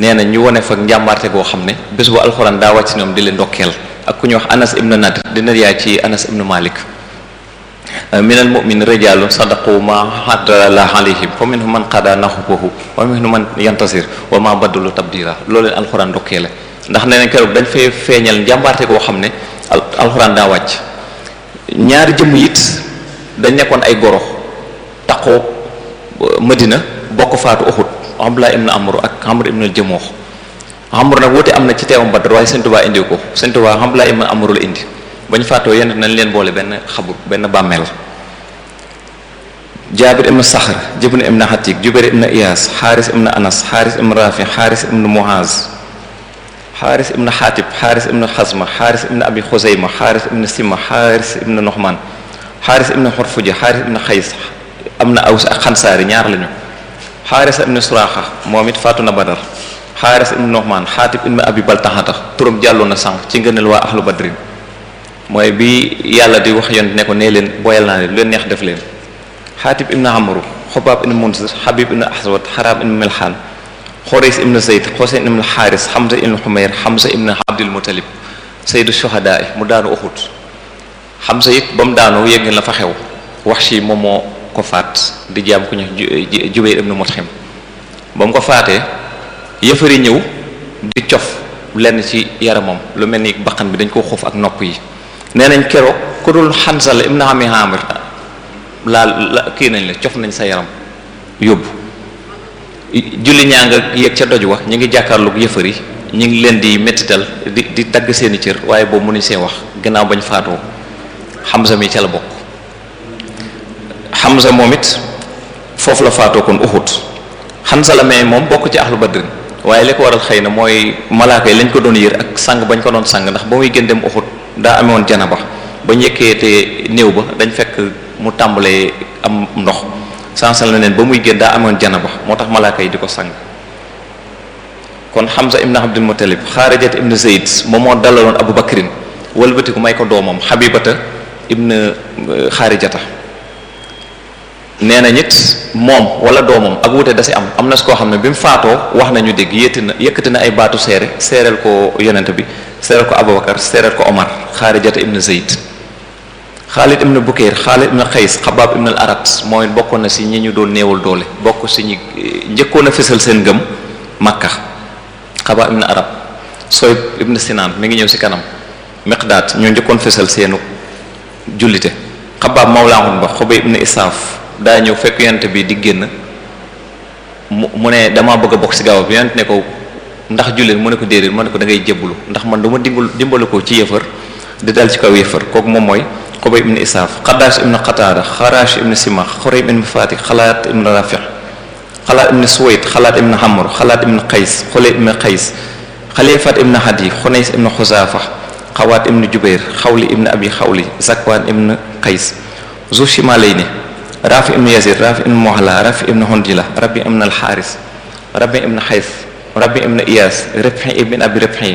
S1: nee na ñu wone fa njàmbaarte goo xam ne bés bu alxuraan daa wàcc ñoom di leen ndokkeel ak ku ñu wax Anas ibn Nadr dina yaay ci Anas ibn Malik minal mu'min rijalun sadaqu ma haddallah laa fa minhum man qada nahbahu wa minhum man yantasir wa ma baddalu tabdila loolu leen alxuraan dokkee la ndax nee na keroog dañ fay feeñal njàmbaarte koo xam ne alxuraan daa wàcc ñaari jëmm it dañ nekkoon ay goro taqoo Madina bokk faatu Uhud Abdullah ibn Amr ak Amr ibn Jamuh Amr nag wute am na ci teewam Badar waaye Sëñ Tuubaa indi ko Sëñ Tuubaa Abdullah ibn Amr la indi bañ faatoo yenn nañ leen boole benn xabu benn bàmmeel jaabir ibn saxr jibnu am xatik jubair ibn iyaas xaaris ibn anas xaaris na rafi xaaris ibn muaz xaaris ibn na xaaris ibn xasma xaaris ibn abi xuseyma xaaris ibn sima xaaris ibn noxman xaaris ibn xurfuja xaaris ibn xays am na aw ak xansaari ñaar lañu xaaris na suraaxa moom it faatu na badar xaaris ibn noxman xaatib ibn abi baltaxata turam jàlloo na sànq ci ngëneel waa ahlu badrin mooy bi yàlla di wax yoon ne ko nee leen booyal naa leen lu xaatib ibn amru xobaab ibn munsir xabib ibn ahswad xaraam ibn milxaan xoreys ibn zeyd xoseyn ibn xaaris xamsa ibn xumayr xamsa ibn abdul mutalib saydu shuhadaa yi mu daanu uxut xamsa yëg ba mu daanoo yëg la fa xew wax si moom moo ko faat di jaam ku ñu jubayr ibn mutxim ba mu ko faatee yëfari ñëw di cof lenn ci yaramam lu mel ni bakkan bi dañ ko xoof ak nopp yi nee nañ keroog ku dul xansala ibn ami amir laal la kii nañ la cof nañ sa yaram yóbbu julli ñaa nga yegg ca doj wa ñu ngi jàkkaarloog yëfër yi ñu ngi leen di méttital di di tagg seeni cër waaye boobu mënuñ see wax gannaaw bañ faatoo Hamza mi ca la bokk Hamza moom it foofu la faatoo kon Uhud Hamza la mais moom bokk ci ahlu badrin waaye li ko waral xëy na mooy malaaka yi lañ ko doon yër ak sang bañ ko doon sang ndax ba muy gën dem Uhud daa amewoon janaba ba ñekkee te néew ba dañ fekk mu tàmbalee am ndox sansal na neen ba muy génn daa amoon janaba moo tax malaaka yi di ko sang kon Hamza ibn Abdul Muttalib Xaarijat ibn Zayd moom moo dalaloon Abu Bakrin walbatiku may ko doomam Habibata ibn euh, Xaarijata nee na ñit moom wala doomam ak wute da si am am na si koo xam ne bi mu faatoo wax nañu dégg yétti na yëkkati na ay baatu seere seereel ko yonent bi seereel ko Abubakar seereel ko Omar Xaarijata ibn Zayd Xaalid ibn Bukayr Xaalid ibn Xays Xabaab ibn al-Arat mooy bokkoon na si ñi ñu doon néewal doole bokk si ñi njëkkoon a fësal seen gëm Makka Xabaab ibn Arab Soyb ibn Sinaan mi ngi ñëw si kanam Miqdaat ñoo njëkkoon fësal seenu jullite Xabaab mawlaahun ba xobe ibn Isaaf daa ñëw fekk yonent bi di génn mu mu ne dama bëgg a bokk si gaaw bi yant ne ko ndax jullit mu ne ko déedéet mu ne ko da ngay jébbalu ndax man du ma dimbalu dimbalu ko ci yëfër di dal ci kaw yëfër kooku moom mooy. xubay ibn isaaf xadaas ibn xataada xaraas ibn simax xoreem ibn faati xalaat ibn rafi xalaat ibn suwayd xalaat ibn hamr xalaat ibn qays xule ibn qays xalifaat ibn hadi xunays ibn xusaafa xawaat ibn jubair xawli ibn abi xawli zakwaan ibn qays zu shimalayni rafi ibn yazid rafi ibn mohla rafi ibn hundila rabi ibn alxaaris rabi ibn xays rabi ibn iyaas rifxi ibn abi rifxi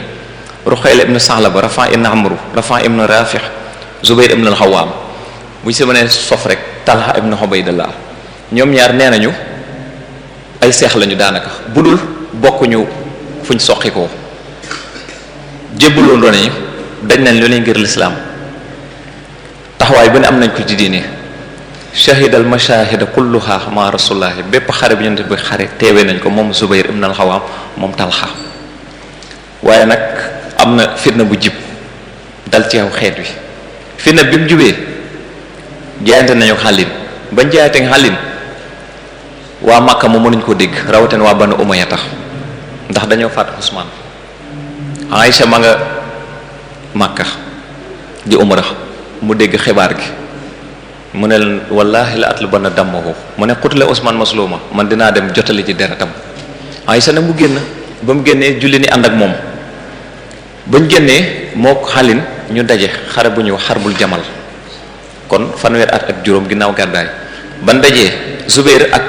S1: ruxayla ibn saxlaba rafa ibn amru rafa ibn rafix Zubayr ibn al-Xawaam buñ si mënee sof rek Talha ibn Ubaydillah ñoom ñaar nee nañu ay seex lañu daanaka bu dul bokkuñu fuñ soqi ko jébbaloon doon dañ nañ lu ne ngir lislaam taxawaay ba ne am nañ ko ci diine shahidal mashahida kulluha ma rasulullahi bépp xare bi ñu bi xare teewee nañ ko moom Zubayr ibn al-Xawaam moom Talha waaye nag am na fitna bu jib dal ci xeet wi fi na bi mu jubee jaayante nañu xàllin ba jaayante xàllin waa Makka mu mënuñ ko dégg rawatina waa Banu Umayya tax ndax dañoo faat Usmaan Aysa ma nga Makka di umra mu dégg xibaar gi mu ne leen wallaahi la at lu ba na ko mu ne xutule Usmaan masluma man dinaa dem jotali ci deretam Aysa nag mu génn ba mu génnee julli ni ànd ak moom bañ génnee moo xalin ñu daje xare bu ñuy wax xarbul jamal kon fanweer at ak juróom ginnaaw gàddaay ban dajee Zubair ak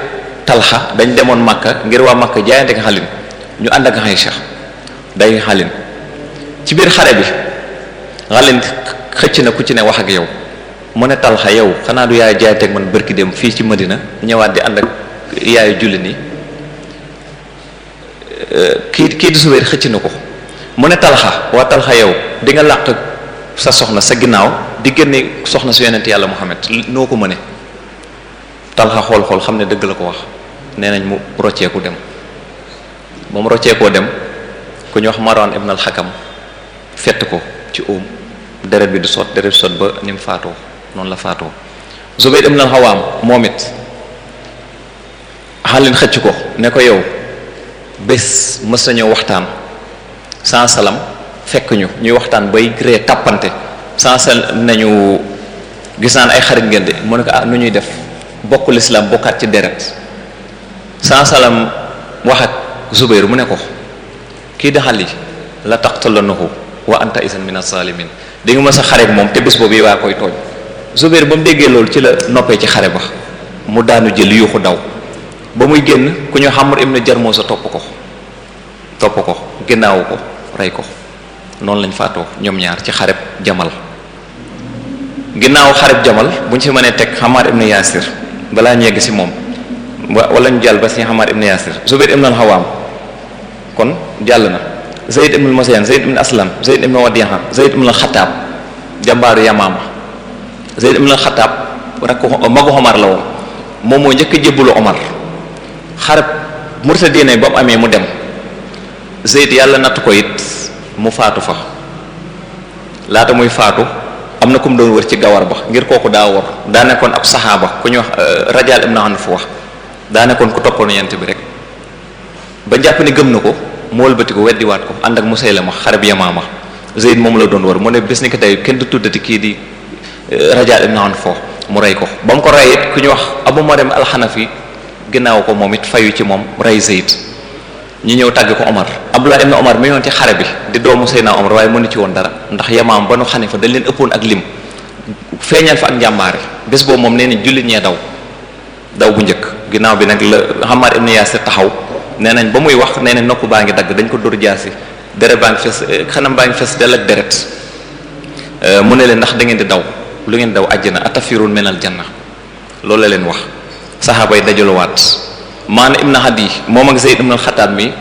S1: talxa dañ demoon Makka ngir waa Makka jaayante ak xalin ñu ànd ak Aïcha day xalin ci biir xare bi xalin xëcc na ku ci ne wax ak yow mu ne talxa yow xanaa du yaay jaayante ak man bërki dem fii ci Madina ñëwaat di ànd ak yaayu julli nii euh, kii kii di xëcc na ko mu ne Talha waa Talha yow di nga sa soxna sa ginnaaw di génne soxna su ti yàlla Muhammad noo ko mëne talxa xool xool xam ne dëgg la ko wax nee nañ mu rocceeku dem ba mu rocceekoo dem ku ñu wax maroon ibn al-Hakam fett ko ci óom deret bi du sot deret bi sot ba ni faatoo noonu la faatoo Zubayr ibn al-Hawam moom it xalin xëcc ko ne ko yow bés mës nañoo waxtaan sans salam fekk ñu ñuy waxtaan bay gré tàppante sansel nañu gis naan ay xarit ngeen de mu ne ko ah nu ñuy def bokk lislaam bokkaat ci deret sansalam wax ak Zubayr mu ne ko kii daxal yi la tax taqtulanahu wa anta isan min asalimin di nga mën sa xare ak moom te bés boobu yi waa koy tooñ Zubayr ba mu déggee loolu ci la noppee ci xare ba mu daanu jël yuuxu daw ba muy génn ku ñu Amr ibn Jarmusa topp ko topp ko ginnaawu ko rey ko noonu lañ faatoo ñoom ñaar ci xareb jamal ginnaaw xareb jamal bu ñu si mënee teg Hamar ibn Yasir balaa ñu yegg si moom wala ñu jàll ba si Hamar ibn Yasir Zubayr ibn al-Hawam kon jàll na Zayd ibn al-Musayyan Zayd ibn Aslam Zayd ibn Wadiha Zayd ibn al-Khattab jàmbaaru Yamaama Zayd ibn al-Khattab rakku magu Omar la woon moom moo njëkk a jébbalu Omar xareb murtadine ba mu amee mu dem Zayd yàlla natt ko it mu faatu fa laata muy faatu am na ku mu doon wër ci gawar ba ngir kooku daa wor daa nekkoon ab saxaaba ku ñu wax euh, rajaal ibn Anf wax daa nekkoon ku toppoon yant bi rek ba jàpp ni gëm na ko mu wëlbati ko weddiwaat ko ànd ak Musaylama xareb Yamaama Zayd moom la doon wër mu ne bés ni ko tey kenn du tuddati kii di euh, rajaal ibn Anf mu rey ko ba mu ko rey it ku ñu wax Abu Maryam al-Hanafi ginnaaw ko moom it fayu ci moom rey Zayd ñu ñëw tàgg ko Omar Abdullah ibn Omar mi ñoon ci xare bi di doomu Seydina Omar waaye mënu ci woon dara ndax yamaam banu Xanifa dañ leen ëppoon ak lim feeñal fa ak njàmbaare bés boobu moom nee na jullit ñee daw daw bu njëkk ginnaaw bi nag la Hammaad ibn Yaasir taxaw nee nañ ba muy wax nee nañ nokku baa ngi dagg dañ ko dóor jaasi deret baa ngi fees xanam baa ngi fees del ak deret euh, mu ne leen ndax da ngeen di daw lu ngeen daw àjjana atafirun minal janna loolu la leen wax saxaaba yi maana ibn hadi moom ak zeyd ibn xataab mi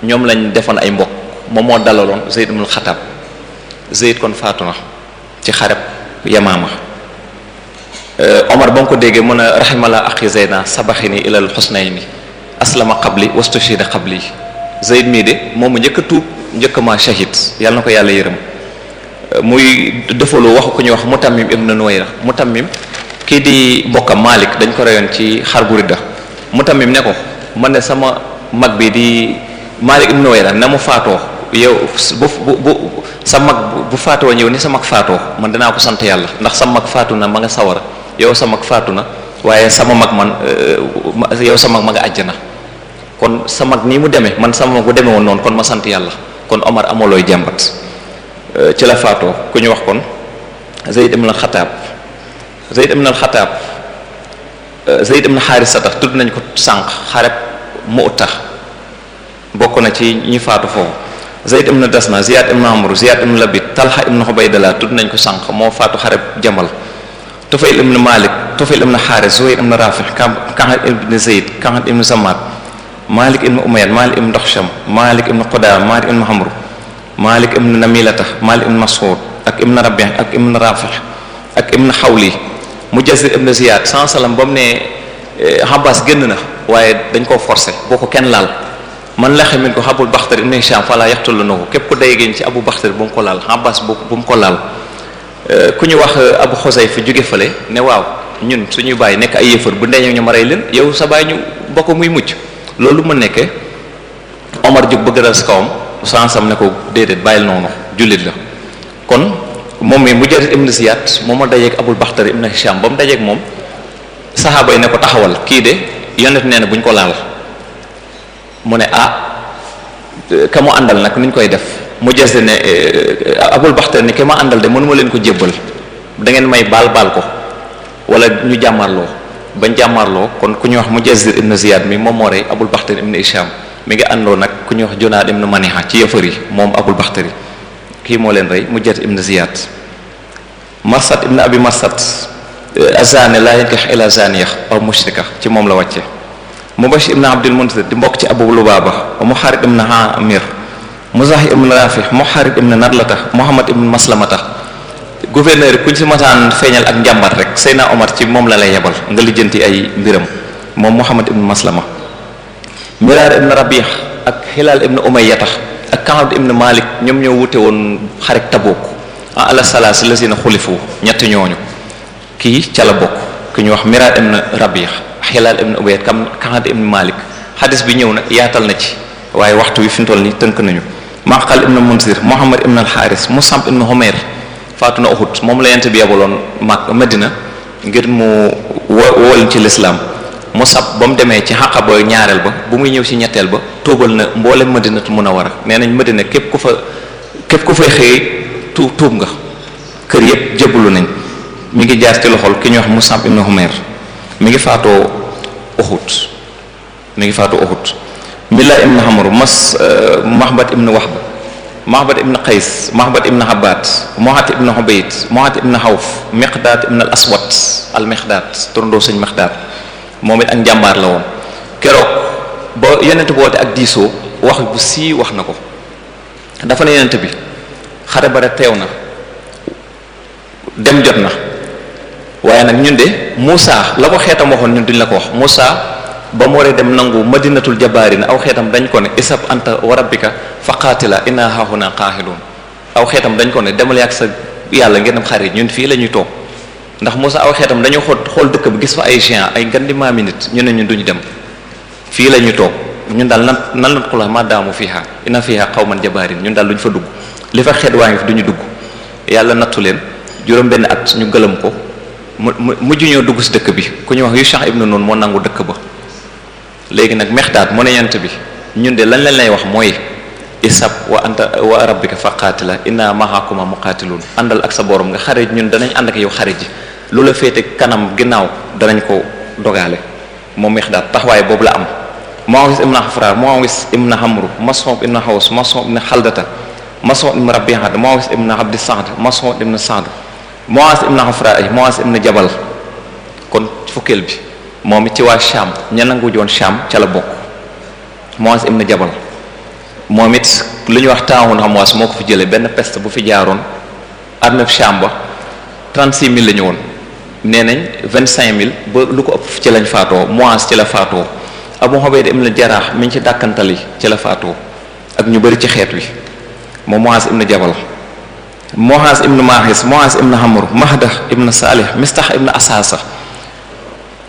S1: ñoom lañ defoon ay mbokk moom moo dalaloon zeyd ibn xataab zeyd kon faatu na ci xareb yamaama euh, omar ba ko déggee mën a raximala axi zeyna sabaxini ilal xusnayni aslama qabli wastushida qabli zeyd mii de moom njëkk tuub njëkk ma shahid yàlla na ko yàlla yërëm euh, muy defaloo waxu ku ñuy wax mutammim ibn nuwayra mutammim kii di mbokkam malik dañ ko reyoon ci xar bu ridda mu tamit ne ko man ne sama mag bi di Malik ibn Wayra na mu faatoo yow bu bu sa mag bu faatoo ñëw ni sama mag faatoo man danaa ko sant yàlla ndax sa mag faatu na ma nga sawara yow sama mag faatu na waaye sama mag man euh, yow sa mag ma nga àjjana kon sa mag nii mu demee man sama mag bu demee woon noonu kon ma sant yàlla kon Omar amolooy jàmbat euh, ci la faatoo ku ñu wax kon Zayd ibn al-Khattab Zayd ibn al-Khattab Euh, Zayd ibn Haarisa tax tudd nañ ko sànq xareb Mu'ta bokk na ci ñi faatu foofu Zayd ibn na Ziyaad ibn Amru Ziyaad ibn Labid Talha ibn Ubaydallah tudd nañ ko sànq moo faatu xareb Jamal Tufayl ibn Malik Tufayl ibn Haaris Zuhayr ibn Rafi Kaab ibn Zayd Kaab ibn Samaad Malik ibn Umayya Malik ibn Duxsham Malik ibn Qudaama Malik ibn Amr Malik ibn Namilata Malik ibn Mas'ud ak ibn Rabi' ak ibn Rafi' ak ibn Xawli mu jasir ibn ziyad saa salaam ba mu ne eh, Abbas génn na waaye dañ koo forcé boo ko kenn laal man la xamil ko Abul Baxtar ibn Hisham fala yaxtalu na ko képp ko day génn ci Abu Baxtar bu mu ko laal Abbas bu bu mu ko laal eh, ku ñu wax eh, Abu fi jóge fale ne waaw ñun suñuy bàyyi nekk ay yëfër bu ndeñoo ñu ma rey leen yow sa bàyyi ñu bokk muy mucc loolu mu nekkee Omar jóg bëgg dal si kawam sansam ne ko déedéet bàyyil noonu jullit la moom mi Mujaahid ibn Ziyad moom ma dajeeg Abul Baxtari ibn Hisham ba mu dajeeg moom saxaaba ne ko taxawal kii de yonent nee na bu ñu ko laal mu ne ah ka mu àndal nag nuñ koy def Mujaahid ne eh, Abul Baxtari ne ki ma àndal de mënuma leen ko jébbal da ngeen may baal baal ko wala ñu jàmmarloo bañ jàmmarloo kon ku ñuy wax Mujaahid ibn Ziyad mi moom moo rey Abul Baxtari ibn Hisham mi ngi àndoo nag ku ñuy wax Junaad ibn Maniha ci yëfër yi moom Abul Baxtari kii moo leen rey mujjat ibn ziyad marsat ibn abi marsat euh, azane laa yankax ila zaniya aw mushrika ci moom la wàcce mubashir ibn abdul munzir di mbokk ci abu lubaaba muharid ibn amir muzahi ibn rafi muharid ibn nadlata muhammad ibn maslamata gouverneur kuñ si mataan feeñal ak njàmbat rek seyna omar ci moom la lay yebal nga lijjanti ay mbiram moom muhammad ibn maslama miraar ibn rabiix ak xilaal ibn umayya tax ak Kaab ibn Malik ñoom ñoo wute woon xare Tabuk ah ala salaas la seen xulifu ñett ñooñu kii ca la bokk ki ñu wax Miraad ibn Rabiix Hilaal ibn Ubayd kam Kaab ibn Malik xadis bi ñëw nag yaatal na ci waaye waxtu wi fi mu toll nii tënk nañu maxal ibn Munzir Muhammad ibn al-Haris Musab ibn Humayr faatu na Uhud moom la yent bi yabaloon mag Madina ngir mu wo ci lislaam mu sab ba mu demee ci xàqa ba ñaareel ba bu muy ñëw ci ñetteel ba tuubal na mboolem a munawara nee nañ madina képp ku fa képp ku fay xëy tuub tuub nga kër yépp jébbalu nañ mu ngi jaar ci loxol ki ñuy wax Musab ibn Umayr mi ngi faatoo Uhud mi ngi faatoo Uhud Milla ibn Hamr mas euh, Mahbat ibn ba Mahbat ibn Qays Mahbat ibn Habbat Muhat ibn Hubayd Muhat ibn Hawf Miqdaat ibn al Aswad al Miqdaat turndoo sëñ Miqdaat moom it ak njàmbaar la woon keroog ba yonent boote ak diisoo wax bu sii wax na ko dafa ne yonent bi xare bare teew na dem jot na waaye nag ñun de Moussa la ko xeetam waxoon ñun duñ la ko wax Moussa ba mu waree dem nangu madinatul na aw xeetam dañ ko ne isab anta wa rabbika fa qaatila inna hahuna qaahilun aw xeetam dañ ko ne demal ak sa yàlla ngeen dem xare ñun fii la ñuy toog ndax sa aw xeetam dañu xool xool dëkk bi gis fa ay géant ay gandi maami nit ñu ne ñu duñu dem fii la ñu toog ñun daal nan nan la ko la madaamu fiha ina fiha qawman jabaarin ñun daal duñ fa dugg li fa xeet waa ngi fi duñu dugg yàlla nattu leen juróom benn at ñu gëlëm ko mu mujj ñoo dugg si dëkk bi ku ñu wax Yushah na noonu moo nangu dëkk ba léegi nag mextaat mu ne yant bi ñun de lañ leen lay wax mooy isab wa anta wa rabbika faqaatila inna ma'akuma muqaatilun àndal ak sa borom nga xare ñun danañ ànd ak yow xare ji lu la féete kanam ginnaaw danañ ko dogale moom Miqdaad taxawaay boobu la am Muawis ibn Xafraar Muawis ibn Amru Mas'ud ibn Xaws Mas'ud ibn Xaldata Mas'ud ibn Rabihat Muawis ibn Abdi Saad Mas'ud ibn Saad Muawis ibn Xafraar Muawis na Jabal kon fukkeel bi moom it ci waa Sham ña nangu joon Sham ca la bokk Muawis na Jabal moom it lu ñuy wax taawun Muawis moo ko fi jëlee benn peste bu fi jaaroon armée Sham ba 36000 la ñu woon. nee nañ vingt cinq mille ba lu ko ëpp ci lañ faatoo Muaz ci la faatoo Abu Ubayda ibn Jarrah mi ngi ci dàkkantali ci la faatoo ak ñu bëri ci xeet wi moom Muaz ibn Jabal Muaz ibn Mahis Muaz ibn Hamr Mahda ibn Salih Mistah ibn Asasa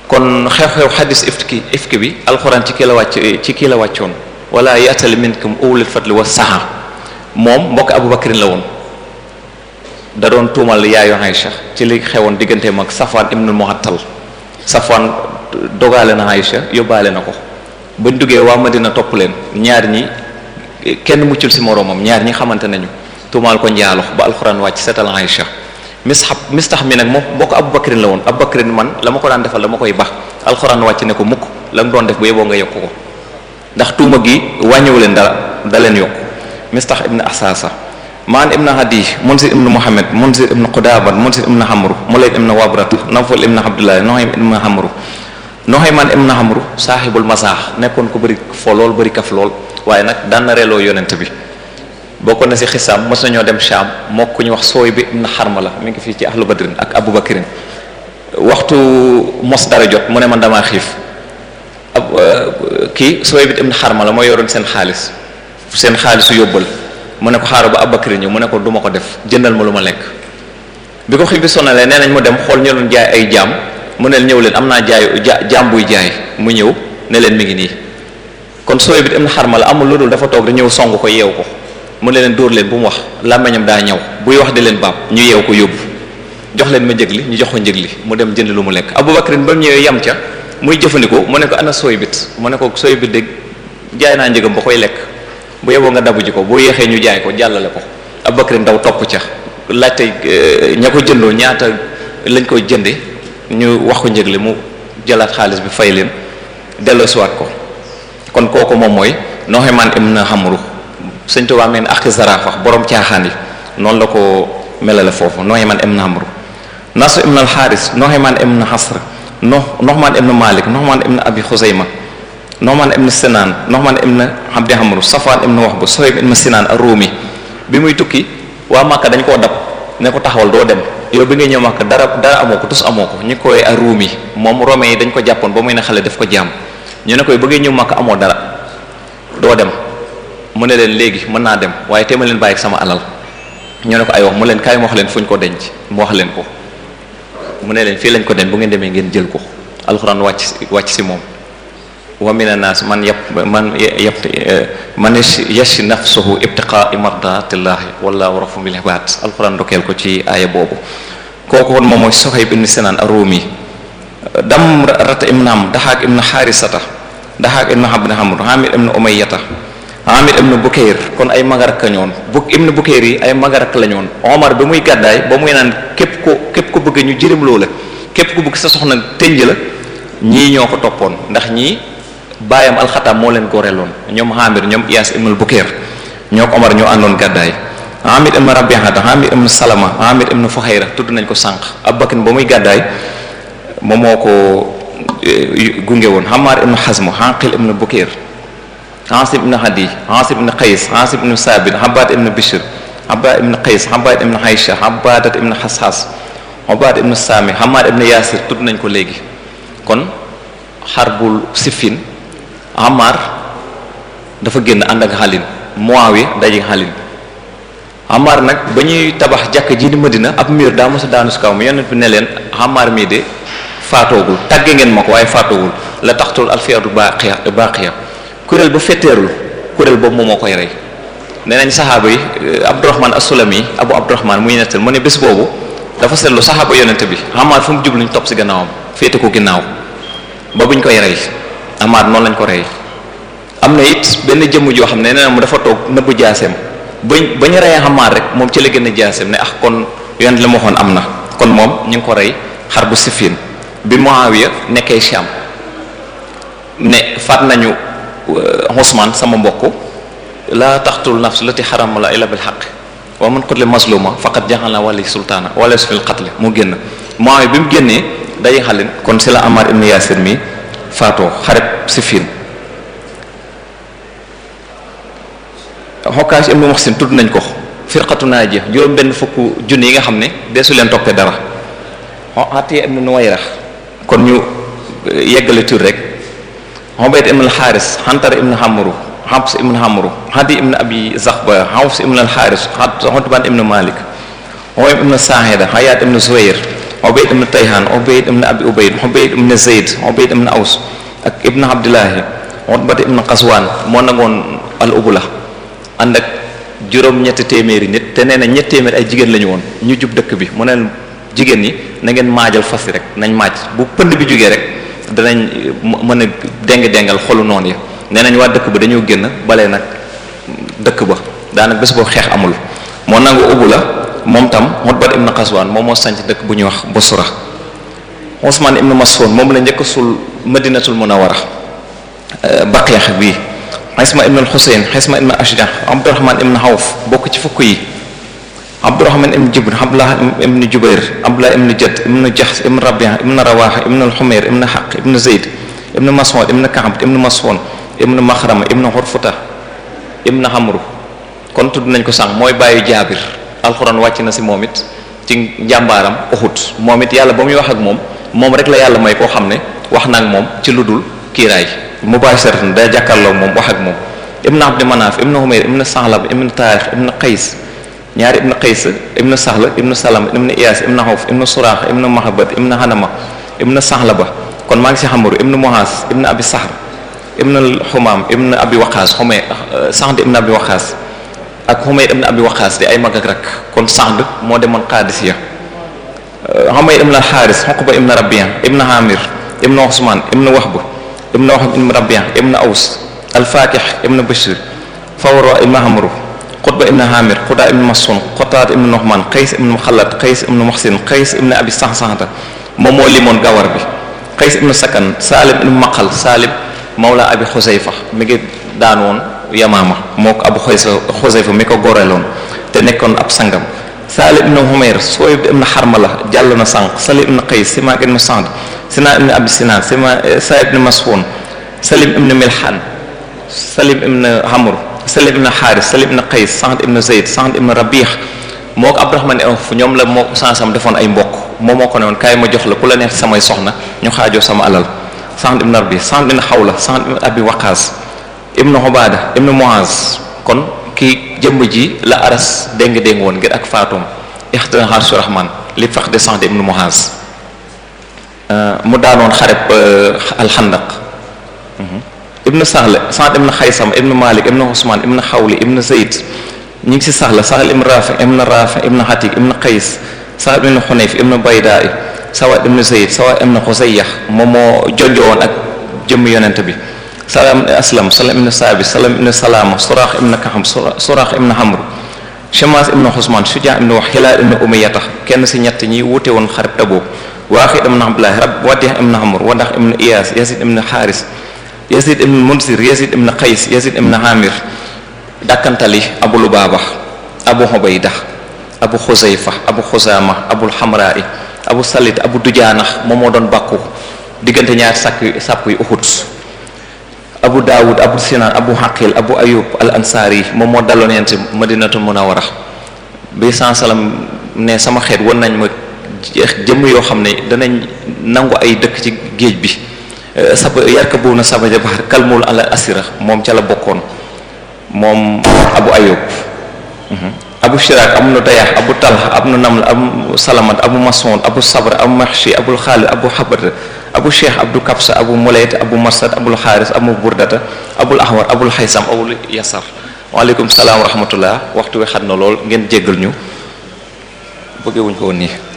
S1: kon xew-xew xadis ifki ifki bi alxuraan ci kii la wàcc ci kii la wàccoon wala ya'tali minkum ulul fadli was sa'a moom mbokk Abu Bakrin la woon da doon tuumal yaayu Aïcha ci li xewoon digganteem ak Safwan ibnul Mu'attal Safwan dogaale na Aïcha yóbbaale na ko bañ duggee waa Madina topp leen ñaar ñi kenn muccul si moroomam ñaar ñi xamante nañu tuumaal ko njaalo ba alxuraan wàcc setal Aïcha mistax mistax mi nag moom moo ko Abu Bakrin la woon ab Bakrin man la ma ko daan defal la koy bax alxuraan wàcc ne ko mukk la doon def bu yeboo nga yokk ko ndax tuuma gi wàññiwu leen dara da leen yokk mistax ibn asasa maan ibn hadi munzir ibn muhammad munzir ibn qudabat munzir ibn hamru mulayd ibn wabrat nawfal ibn abdullah noxay ibn hamru noxay maan ibn hamru saaxibul masaax nekkoon ko bëri fo bari bëri kaf lool waaye nag daan na reeloo yonent bi bokkoon na si xisaam mos ñoo dem Sham moo ku ñu wax sooy bi ibn harmala mi ngi fii ci ahlu badrin ak abu bakrin waxtu mos dara jot mu ne man damaa xiif ab euh, kii sooy bi xarma la moo yoroon seen xaalis seen xaalisu yóbbal mu ne ko xaaru ba Abubakar ñëw mu ne ko duma ko def jëndal ma lu ma lekk bi ko xiif bi sonalee nee nañ mu dem xool ñu doon jaay ay jaam mu ne ñëw leen am naa jaay jaam buy jaay mu ñëw ne leen mi ngi nii kon sooy bit am na xarmala amul lu dafa toog di ñëw song ko yeew ko mu ne leen dóor leen bu mu wax làmmeñam daa ñëw buy wax di leen baab ñu yeew ko yóbbu leen ma njëg li ñu jox ko njëg li mu dem jënd lu mu lekk Abubakarin ba mu ñëwee yam ca muy jëfandikoo mu ne ko ana sooy bit mu ne ko sooy bit de jaay naa njëgam ba koy lekk bu yeboo nga dabu ji ko boo yéexee ñu jaay ko jàllale ko Abubakar Ndaw topp ca laajte euh, ña ko jëndoo ñaata lañ koy jënde ñu wax ko li mu jëlaat xaalis bi fay leen delloosiwaat ko kon kooku moom mooy Nu'aymaan ibn Amru sëñ Tuubaa meen ak zaraafax borom caaxaan yi noonu la ko melal foofu Nu'aymaan ibn Amru Nasr ibn al-Haaris Nu'aymaan ibn Hasr Nu'aymaan ibn Maalik Nu'aymaan na Abi Xuzayma man ma Nu'man ibn Sinan Nu'man ibn Abdi Amr Safwan ibn Wahb Suhayb ibn Sinan ar-Rumi bi muy tukki waa Makka dañ koo dab ne ko taxawal doo dem yow bi ngay ñëw Makka dara dara amoo ko tus amoo ko ñu koy ar-Rumi moom Romain yi dañ ko jàppoon ba muy ne xale daf ko jaam ñu ne koy bëggee ñëw Makka amoo dara doo dem mu ne leen léegi mën naa dem waaye téema leen bàyyi ak sama alal ñu ne ko ay wax mu leen kaay ma wax leen fu ñu ko denc mu wax leen ko mu ne leen fii lañ ko denc bu ngeen demee ngeen jël ko alxuraan wàcc wàcc si moom wa mina naas man yab man yab man yashi nafsuhu ibtiqaa'i mardaatillah wallahu rafu la ibaad alxuraan ndokkeel ko ci aaya boobu kooku woon moom mooy Suhayb ibn Sinaan ar-Rumi dam rata ibn Amr Dahaak ibn Haarisata Dahaak ibn Abd Amr Haamid ibn Umayyata Haamid ibn Bukayr kon ay magarak la na bu ibn yi ay magarak lañoon ñoon Omar bi muy gàddaay ba muy naan képp ko képp ko bëgg ñu jërim loo képp ko bëgg sa soxna tënj la ñii ñoo ko toppoon ndax ñii baayam alxatam moo leen góoreeloon ñoom Hamir ñoom Iyas ibnul Bukayr ñoo ko Omar ñoo àndoon gàddaay Hamid ibn Rabi'ata Hamid ibn Salama Hamid ibn Fuhayra tudd nañ ko sànq Abubakar ba muy gàddaay moom moo ko eh, gunge woon Hammar ibn Hazm Hanqil ibn Bukayr Asib ibn Hadi Asib ibn Qays Asib ibn Sabit Habbat ibn Bishr Habbat ibn Qays Habbat ibn Aisha Habbadat ibn Hassas Habbat ibn Sami Hammar ibn Yasir tudd nañ ko léegi kon xarbul Siffin Ammar dafa génn ànd ak Xaalid Muawiya daje Xaalid Ammar nag ba ñuy tabax jàkk ji di Madina ab mur daa mos a daanu si kaw mi yonent bi ne leen Ammar mii de faatoogul tàgge ngeen ma ko waaye faatoogul la taxtul alfiyatu baqiya baqiya kuréel ba fetteerul kuréel boobu moom moo koy rey nee nañ saxaaba yi eh, Abdurahman as-Sulami Abu Abdurahman muy nettal ma ne bés boobu dafa seetlu saxaaba yonent bi Ammar fu mu ñu topp si gannaawam féete ko ginnaaw ba buñ koy rey amaat noonu lañ ko rey am na it benn jëmm joo xam ne nee na mu dafa toog nëbb jaaseem ba ba ñu reyee amaat rek moom ci la gën a jaaseem ne ah kon la ma am na kon moom ñu ngi ko rey xar bu sifiin bi Muawiya nekkee Sham ne faat nañu euh, Usmaan sama mbokk laa taxtul nafs lati xaram la illa bil xaq wa man qutila mazluma faqad jaxalna wali sultaana wala su fil qatl mu génn Muawiya bi mu génnee day xalin kon si la Ammaar ibn Yaasir mi faatoo xareb Siffin Hokkaas ibnu Muhsin tudd nañ ko firqatu naajiya juróom benn fukk junni yi nga xam ne deesu leen toppee dara Atiya ibnu Nuwayra kon ñu yeggale tur rek Ubayd ibnu al-Xaaris Hantar ibnu Hamru Habs ibnu Hamru Hadi ibnu Abi Zaxba Hafs ibnu al-Xaaris Utbaan ibnu Maalik Uwaym ibnu Saahida Hayaat ibnu Zuwayr Ubayd ibn Tayhan Ubayd ibn Abi Ubayd Ubayd ibn Zayd Ubayd ibn Aws ak ibn Abdullahi Utbat ibn Qaswan moo nagoon al ubula ànd ak juróom-ñetti téeméeri nit te nee na ñetti téeméer ay jigéen lañu woon ñu jub dëkk bi mu neen jigéen ñi na ngeen maajal fas yi rek nañ maaj bu pënd bi jógee rek danañ mën a déng-déngal xolu noonu yi nee nañ waa dëkk bi dañoo génn balee nag dëkk ba daanaka bés boo xeex amul moo nangu ubula moom tam Utbat ibn Qaswan moom moo sanc dëkk bu ñuy wax Busra Usman ibn Mas'ud moom la njëkk sul Madinatul Munawwara euh, Baqiyax bii xesma ibn Husayn Isma ibn Ashja Abdurrahman ibn Awf bokk ci fukk yi Abdurrahman ibn Jibr Abdullah ibn Jubayr Abdullah ibn Jadd ibn Jahsh ibn Rabi'a ibn Rawaha ibn al-Humayr ibn Haqq ibn Zayd ibn Mas'ud ibn Ka'b ibn Mas'ud ibn Makhrama ibn Hurfuta ibn Amr kon tudd nañ ko sànq mooy bàyyi Jaabir alxuraan wàcc na si moom it ci njàmbaaram Uhud moom it yàlla ba muy wax ak moom moom rek la yàlla may koo xam ne wax na ak moom ci lu dul kiiraay mubaasharatan day jàkkaarloo moom wax ak moom ibn abdi manaaf ibn humayr ibn sahlab ibn taarix ibn qays ñaari ibn qays ibn sahla ibn salam ibn iyaas ibn xawf ibn suraax ibn mahabat ibn hanama ibn sahlaba kon maa ngi si xamaru ibn muhaas ibn abi sahr ibn xumaam ibn abi waqaas xume saxd ibn abi waqaas ak Humayd ibn Abi Waqqas di ay mag ak rak kon Sa'd moo demoon Qadisiya euh, Humayd ibn al-Haris Uqba ibn Rabi'a ibn Amir ibn Usman ibn Wahb ibn Wahb ibn Rabi'a ibn Aws al-Fakih ibn Bishr Fawra ibn Amru Qutba ibn Amir Quda ibn Mas'un Qutad ibn Nuhman Qays ibn Mukhallad Qays ibn Muhsin Qays ibn Abi Sa'sa'da moom moo limoon gawar bi Qays ibn Sakan Salim ibn Maqal Salim mawla Abi Khuzayfa mi ngi daan woon yamaama moo ko abu xoseyfa mi ko goreloon te nekkoon ab sangam saalih ibn humayr suwayb ibn harmala jàll na sànq salih ibn qays simaak ibn sa'd sina ibn abi sinan sima eh, sa'id ibn mas'un salim ibn milhan salim ibn hamr salim ibn haris salim ibn qays sa'd ibn zayd sa'd ibn moo ko abdurahman of ñoom la moo sansam defoon ay mboq moom moo ko ne woon kaay ma jox la ku la neex samay soxna ñu xaajoo sama alal sa'd ibn rabi sa'd ibn hawla sa'd ibn abi waqas ibnu Ubaada ibnu Muaz kon ki jëmm ji la aras déng-déng woon ngir ak faatum ixtina xarsu rahman li fax de sax de ibnu Muaz euh, mu daanoon xareb euh, alxandaq mhm. ibnu saxla saad ibnu xaysam ibnu malik ibnu usman ibnu xawli ibnu zayd ñu ngi si saxla saxl ibnu rafi ibnu rafi ibnu xatik ibnu qays saxl ibnu xunayf ibnu baydaay sawa ibnu zayd sawa ibnu xuseyax moom moo jonjowoon ak jëmm yonent bi salaam ibn aslam salaam ibn saabi salaam ibn salaama suraax ibn kaxam suraax ibn hamr chamaas ibn xusmaan sujaa ibn wax hilaal ibn umayya tax kenn si ñett ñi wute woon xarib taboob waaxid ibn abdullah rab wadih ibn hamr wadax ibn iyaas yasid ibn xaaris yasid ibn munsir yasid ibn qays yasid ibn amir dàkkantali abu lubaaba abu xubayda abu xusayfa abu xusaama abul xamraai abu salit abu dujaanax moom moo doon bàkku diggante ñaari sàkk sàpp yi uxut abu daawud abu sinan abu xaqil abu ayub al ansaari moom moo ma daloon yent madinatu munawara bi sansalam ne sama xeet wan nañ ma jeex jëmm yoo xam ne danañ nangu ay dëkk ci géej bi euh, saba yarka boobu na saba jabaar kalmul ala asira moom ca la bokkoon moom abu ayub mhm. abu shiraak am nu dayaax abu talha am nu naml abu salamat abu masoon abu sabra abu mahshi abu xaalid abu xabar abu cheikh abdu kabsa abu mulayt abu marsad abul xaaris abu burdata abul ahwar abul xaysam abul yasar waaleykum salaam wa rahmatullah waxtu wi xat na lool ngeen jéggal ñu bëggewuñ ko woon nii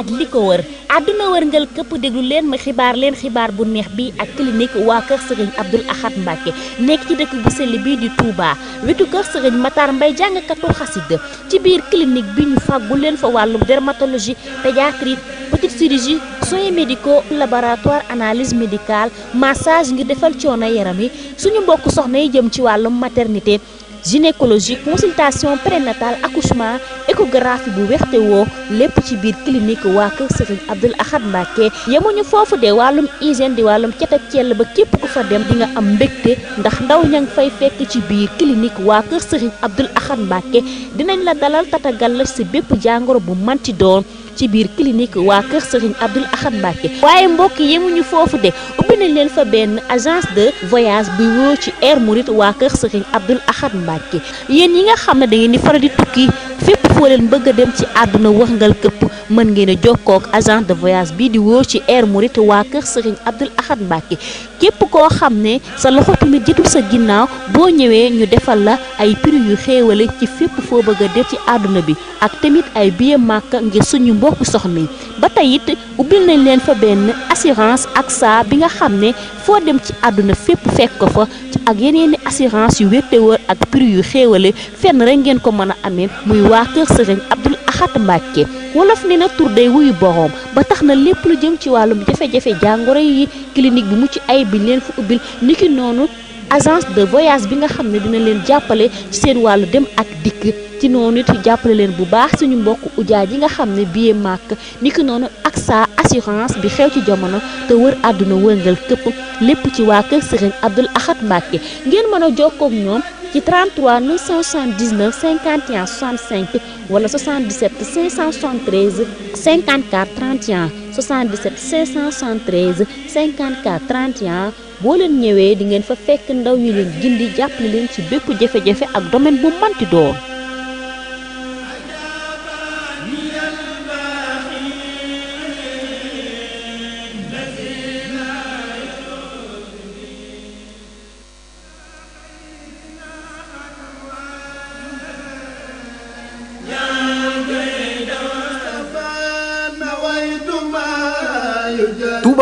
S2: ak li ko wër àdduna wërngal këpp déglu leen ma xibaar leen xibaar bu neex bi ak clinique waa kër sëriñ Abdoul Ahad Mbacke nekk ci dëkk bu sell bii di Touba wetu kër sëriñ Matar Mbay jàngkatu xasida ci biir clinique bi ñu fàggu leen fa wàllum dermatologie pédiatrie petite chirurgie soins médicaux laboratoire analyse médicale massage ngir defal coono yaram yi suñu mbokk soxna yi jëm ci wàllum maternité gynécologie consultation prénatale accouchement échographie bu te woo lépp ci biir clinique waa kër Serigne Abdoul Ahad Mbacké yemuñu foofu de wàllum hygiène di wàllum cet ak cell ba képp ku fa dem di nga am mbégte ndax ndaw ña ngi fay fekk ci biir clinique waa kër Serigne Abdoul Ahad Mbacké dinañ la dalal tatagal la si bépp jàngoro bu manti doon ci biir clinique waa kër Serigne Abdoul Ahad Mbacké waaye mbokk yemuñu foofu de ubbi nañ leen fa benn agence de voyage bi wóor ci Air Mouride waa kër Serigne Abdoul Ahad Mbacké yéen yi nga xam ne da ngeen di faral di tukki fépp foo leen bëgg a dem ci àdduna wërngal këpp mën ngeen jokkook agent de voyage bii di wóor ci Air Mouride waa kër Serigne Abdoul Ahad Mbacké képp koo xam ne sa loxo tamit jotul sa ginnaaw boo ñëwee ñu defal la ay prix yu xéewale ci fépp foo bëgg a dem ci àdduna bi ak tamit ay billet Makka ngir suñu mbokk soxna yi ba tey it ubbil nañ leen fa benn assurance ak saa bi nga xam ne foo dem ci àdduna fépp fekk ko fa ak yeneen assurance yu wéttewër ak prix yu xéewale fenn rek ngeen ko mën a amee waa kër sëriñ Abdul Ahad Mbàkke wolof ne na tur day wuyu boroom ba tax na lépp lu jëm ci wàllum jafe-jafe jàngoro yi clinique bi mucc ay bi leen fu ubbil niki noonu agence de voyage bi nga xam ne dina leen jàppale ci seen wàllu dem ak dikk ci noonu it jàppale leen bu baax suñu mbokk ujaa yi nga xam ne billet màkk niki noonu ak sa assurance bi xew ci jamono te wër àdduna wërngal këpp lépp ci waa kër sëriñ Abdul Ahad Mbàkke ngeen mën a jokkoo ak ci 33 979 51 65 wala 77 573 54 31 77 573 54 31 boo leen ñëwee di ngeen fa fekk ndaw ñu leen gindi jàppale leen ci bépp jafe-jafe ak domaine bu manti doon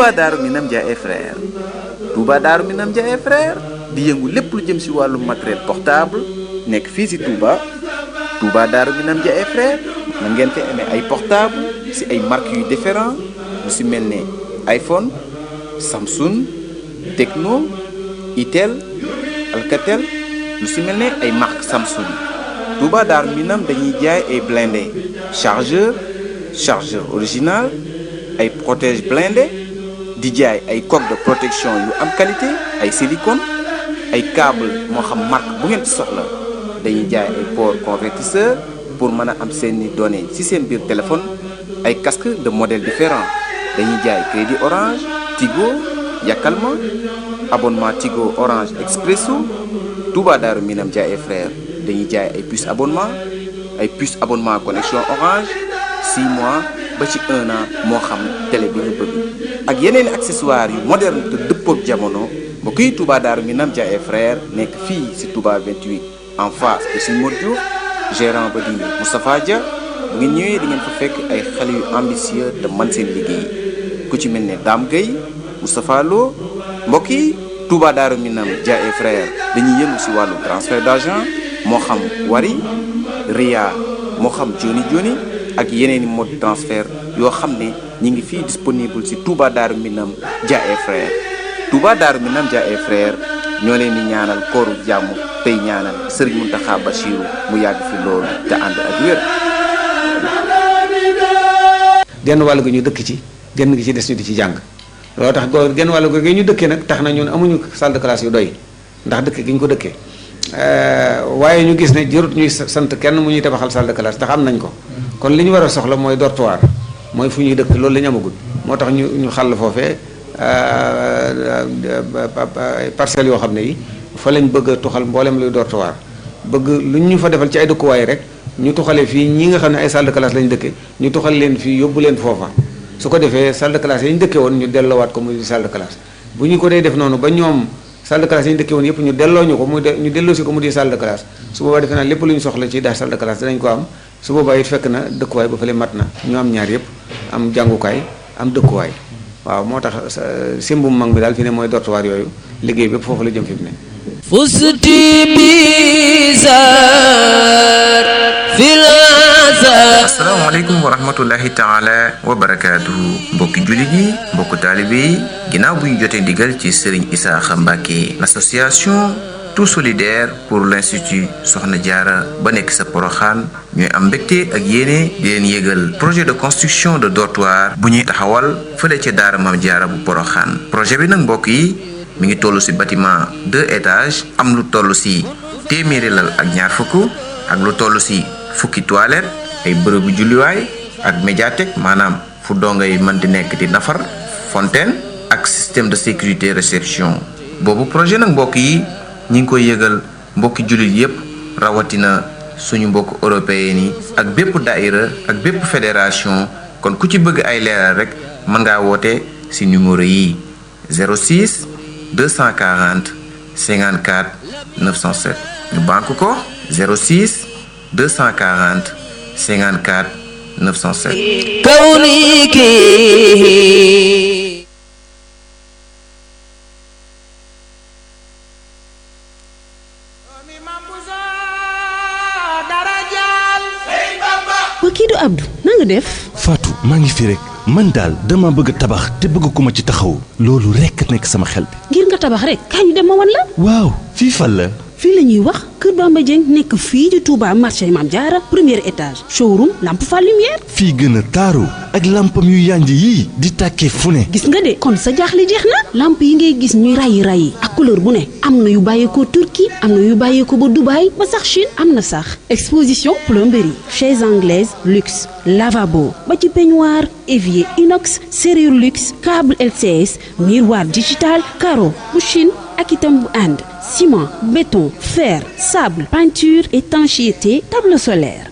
S3: Touba Daaru Minam Dia et frères Touba Daaru Minam Dia di yëngu lépp lu jëm ci wàllu matériel portable nekk fii si Touba Touba Daaru Minam Dia et frères na ngeen amee ay portable ci ay marques yu différent lu si mel ne iPhone Samsung Tecno Itel Alcatel lu si mel ne ay marque Samsung Touba Daaru Minam dañuy jaay ay blindé chargeur chargeur original ay protège blindé di jaay ay coque de protection yu am qualité ay silicone ay câble moo xam marque bu ngeen soxla dañuy jaay ay port convertisseur pour mën a am seeni données ci seen biir téléphone ay casque de modèle différent dañuy jaay crédit orange Tigo Yakalma abonnement Tigo Orange Expresso Touba Daaru Minam Jaay et frère dañuy jaay ay puce abonnement ay puce abonnement connexion orange 6 mois ba ci 1 an moo xam télé bi ñu bëgg ak yeneen accessoires yu moderne te dëppook jamono mbokk yi Touba Darou Minam Dia et frère nekk fii si Touba 28 en face de suñu Modou gérant ba di Moustapha Dia ngeen ñëwee di fa fekk ay xale yu ambitieux te man seen liggéey ku ci mel ne Dame Gueye Moustapha Lo mbokk yi Touba Darou Minam Dia et frère dañuy yëngu si wàllu transfert d'argent moo xam Wari Ria moo xam Joni Joni ak yeneeni i mode yoo xam ne ñi ngi fii disponible si Touba Darou Minam Dia et Frères Touba Darou Minam Dia ñoo leen di ñaanal kooru jàmm tey ñaanal Serigne Mountakha Bachirou mu yàgg fi loolu te ànd ak wér. genn wàll gi ñu dëkk ci genn gi ci
S4: des ñu di ci jàng loolu tax go genn wàll gi ñu dëkkee nag tax na ñun amuñu salle de classe yu doy ndax dëkk gi ñu ko dëkkee euh, waaye ñu gis ne jërut ñuy sant kenn mu ñuy tabaxal salle de classe ndax am nañ ko. kon li ñu war a soxla mooy dortoir mooy fu ñuy dëkk loolu la ñu amagul moo tax ñu ñu xàll foofee euh, euh, euh, parcelles yoo xam ne yi fa lañ bëgg a tuxal mboolem luy dortoir bëgg lu ñu fa defal ci ay dëkkuwaay rek ñu tuxale fii ñi nga xam ne ay salle de classe lañ dëkke ñu tuxal leen fii yóbbu leen foofa su ko defee salle de classe dëkke woon ñu delloowaat ko muy salle de classe bu ñu ko dee def noonu ba ñoom salle de classe yi ñu dëkke woon yëpp ñu delloo ñu ko muy ñu si ko mu di salle de lépp lu ñu soxla ci de classe dinañ ko am su boobaa it fekk na dëkkuwaay ba fële mat na ñoo am ñaar yëpp am jàngukaay am dëkkuwaay waaw moo tax simbum mag bi daal fi ne mooy dortuwaar yooyu liggéey bépp foofu la jëm fi mu ne
S5: fusti bizar fil
S3: asalaamaaleykum wa rahmatullahi taala wa barakaatuhu mbokki jullit yi mbokku taalibe yi ginnaaw bu ñu jotee ndigal ci sëriñ Isaaxa Mbàkke l'association tout solidaire pour l'institut Soxna Jaara ba nekk sa poroxaan ñooy am mbégte ak yéene di leen yégal projet de construction de dortoir bu ñuy taxawal fële ca daara Maam Jaara bu poroxaan projet bi nag mbokk yi mi ngi toll ci bâtiment deux étages am lu toll ci téeméeri lal ak ñaar fukk ak lu toll ci fukki toilette ay bërëbu julliwaay ak médiathèque maanaam fu dongo yi mën di nekk di nafar fontaine ak système de sécurité réception boobu projet nag mbokk yi ñi ngi koy yëgal mbokki jullit yépp rawatina suñu mbokk européen yi ak bépp daïra ak bépp fédération kon ku ci bëgg ay leeral rek mën ngaa woote ci numéro yi 06 240 54 907 ñu banque ko 06 240 54 907
S5: kawni kii def.
S6: maa ngi fi rek man daal dama bëgg a tabax te bëgg ku ma ci taxaw loolu rek nekk sama xel bi.
S5: ngir nga tabax rek kaay ñu dem ma wan la.
S6: waaw fii fan la.
S5: fii la ñuy wax Kër Bamba Dieng nekk fii ci Touba marché Maam Diarra premier étage showroom lampe fa lumière.
S6: fii gën a taaru ak lampam yu yànj yii di tàkkee fu ne.
S5: gis nga de kon sa jaaxle jeex na lamp yi ngay gis ñuy rayi rayi ak couleur bu ne am na yu bàyyeekoo Turquie am na yu ko ba Dubaï ba sax Chine am na sax exposition plomberie chaise anglaise luxe lavabo ba ci peignoir évier inox serrure luxe câble LCS miroir digital carreau bu Chine ak itam bu Inde. ciment, béton, fer, sable, peinture, étanchéité, table solaire.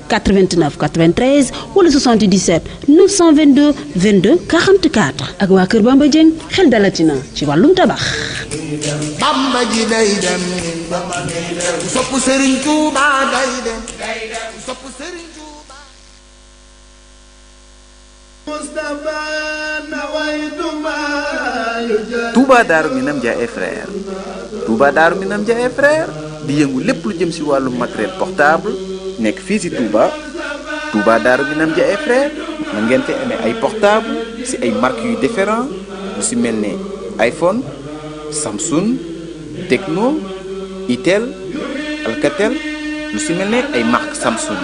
S5: 89 93 wala 77 922 22 44 ak waa Kër Bamba Dieng xel dalatina ci wàllum tabax.
S3: Bamba ji day dem sopp Serigne Touba day dem Minam Dia et frère Minam Dia et di yëngu lépp lu jëm ci wàllu matériel portable. nekk fii si Touba Touba Darou Minam Dia et frère na ngeen amee ay portable si ay marques yu différent lu si mel ne iPhone Samsung Tecno Itel Alcatel lu si mel ne ay marque Samsung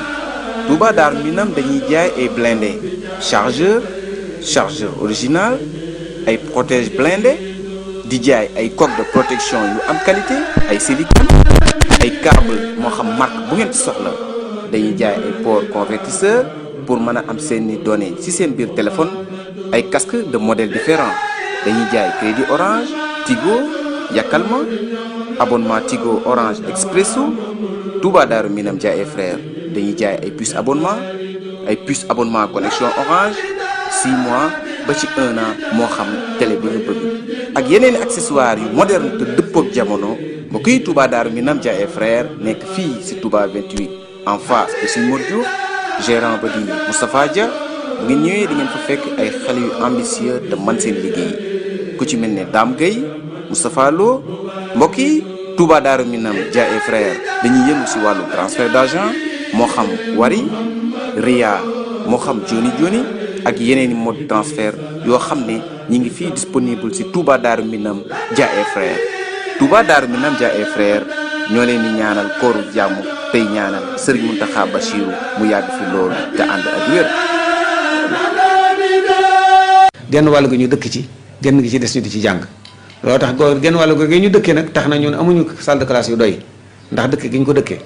S3: Touba Darou Minam dañuy jaay ay blindé chargeur chargeur original ay protège blindé di jaay ay coque de protection yu am qualité ay silicone ay câble moo xam marque bu ngeen soxla dañuy jaay ay port convertisseur pour mën a am seeni données ci seen biir téléphone ay casque de modèles différents dañuy jaay crédit orange Tigo Yakalma abonnement Tigo orange expresso Touba Daaru nam Dia et frères dañuy jaay ay puces abonnement ay puces abonnement connexion orange 6 mois ba ci 1 moo xam télé bi ñu bëgg ak yeneen accessoires yu moderne te dëppook jamono mbokk yi Touba Daaru Minam Dia et frères nekk fii si Touba 28 en face bi suñ Modou Diouf gérant ba di Moustapha Dia bu ñëwee di ngeen fekk ay xale yu ambitieux te man seen liggéey ku ci mel ne Dame Gueye Moustapha Lo mbokk yi Touba Darou Minam Dia et frère dañuy yëngu si wàllu transfert d'argent moo xam Wari Ria moo xam Joni Joni ak yeneen i mode yoo xam ne ñi ngi fii disponible si Touba Darou Minam Dia et frère Touba Darou Minam Dia et frère ñoo leen di ñaanal kooru jàmm tey ñaanal sëriñ Muntaxa Bachiru mu yàgg fi loolu te ànd ak wér.
S4: genn wàll gi ñu dëkk ci genn gi ci des ñu di ci jàng loo tax go genn wàll gi ñu dëkkee nag tax na ñun amuñu salle de classe yu doy ndax dëkk gi ñu ko dëkkee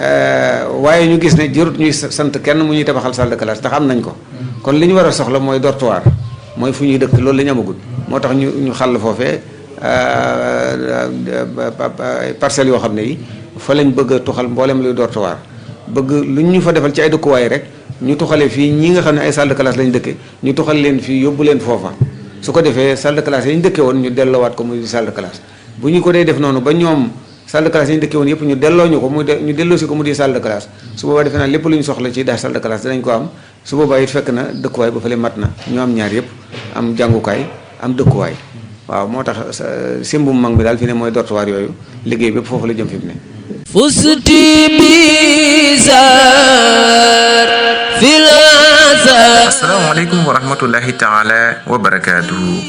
S4: euh, waaye ñu gis ne jërut ñuy sant kenn mu ñuy tabaxal salle de classe ndax am nañ ko kon li ñu war a soxla mooy dortoir mooy fu ñuy dëkk loolu la moo tax ñu ñu xàll foofee euh, euh, parcelles yoo xam ne yi fa lañ bëgg a tuxal mbooleem luy door tuwaar bëgg luñ ñu fa defal ci ay dëkkuwaay rek ñu tuxale fii ñi nga xam ne ay salle de classe lañ dëkke ñu tuxal leen fii yóbbu leen foofa su ko defee salle de classe yi dëkke woon ñu delloowaat ko muy salle de classe bu ñu ko dee def noonu ba ñoom salle de classe yi ñu yëpp ñu delloo ñu ko muy ñu delloo si ko mu di salle de classe su boobaa defe naa lépp lu ñu soxla ci daa salle de classe dinañ ko am su boobaa it fekk na dëkkuwaay ba fale mat na ñu am ñaar yëpp am jàngukaay am dëkkuwaay waaw moo tax simbum mag mi daal fi ne mooy dortoir yooyu liggéey bépp foofu la jëm fi
S5: فزت بزار في العذاب
S3: asalaamaaleykum wa rahmatullahi taala wa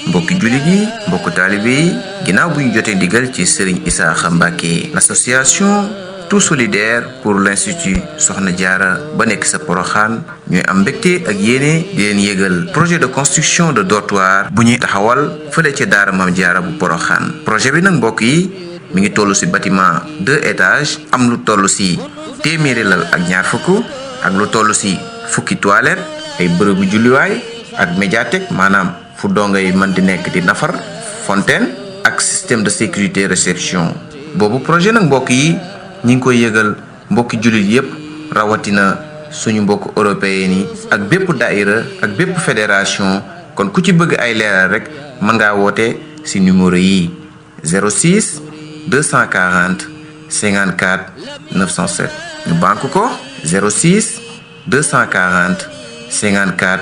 S3: mbokki julli gi mbokku taalibe yi ginnaaw bu jotee ndigal ci Serigne Isaaxa Mbàkke l'association tout solidaire pour l'institut Soxna Jaara ba nekk sa Poroxaan ñooy am mbégte ak yéene di leen yëgal projet de construction de dortoir bu ñuy taxawal fële ca daara Maam Jaara bu Poroxaan projet bi nag mbokk yi mi ngi toll si batiment de étage am lu toll si téeméeri lal ak ñaar fukk ak lu toll si fukki toilette ay bërëbu julliwaay ak médiathèque maanaam fu dongo yi mën di nekk di nafar fontaine ak système de sécurité réception boobu projet nag mbokk yi ñi ngi koy yëgal mbokki jullit yépp rawatina suñu mbokk européen yi ak bépp daïra ak bépp fédération kon ku ci bëgg ay leeral rek mën ngaa woote si numéro yi 06 240 54 907 ko 06 240 54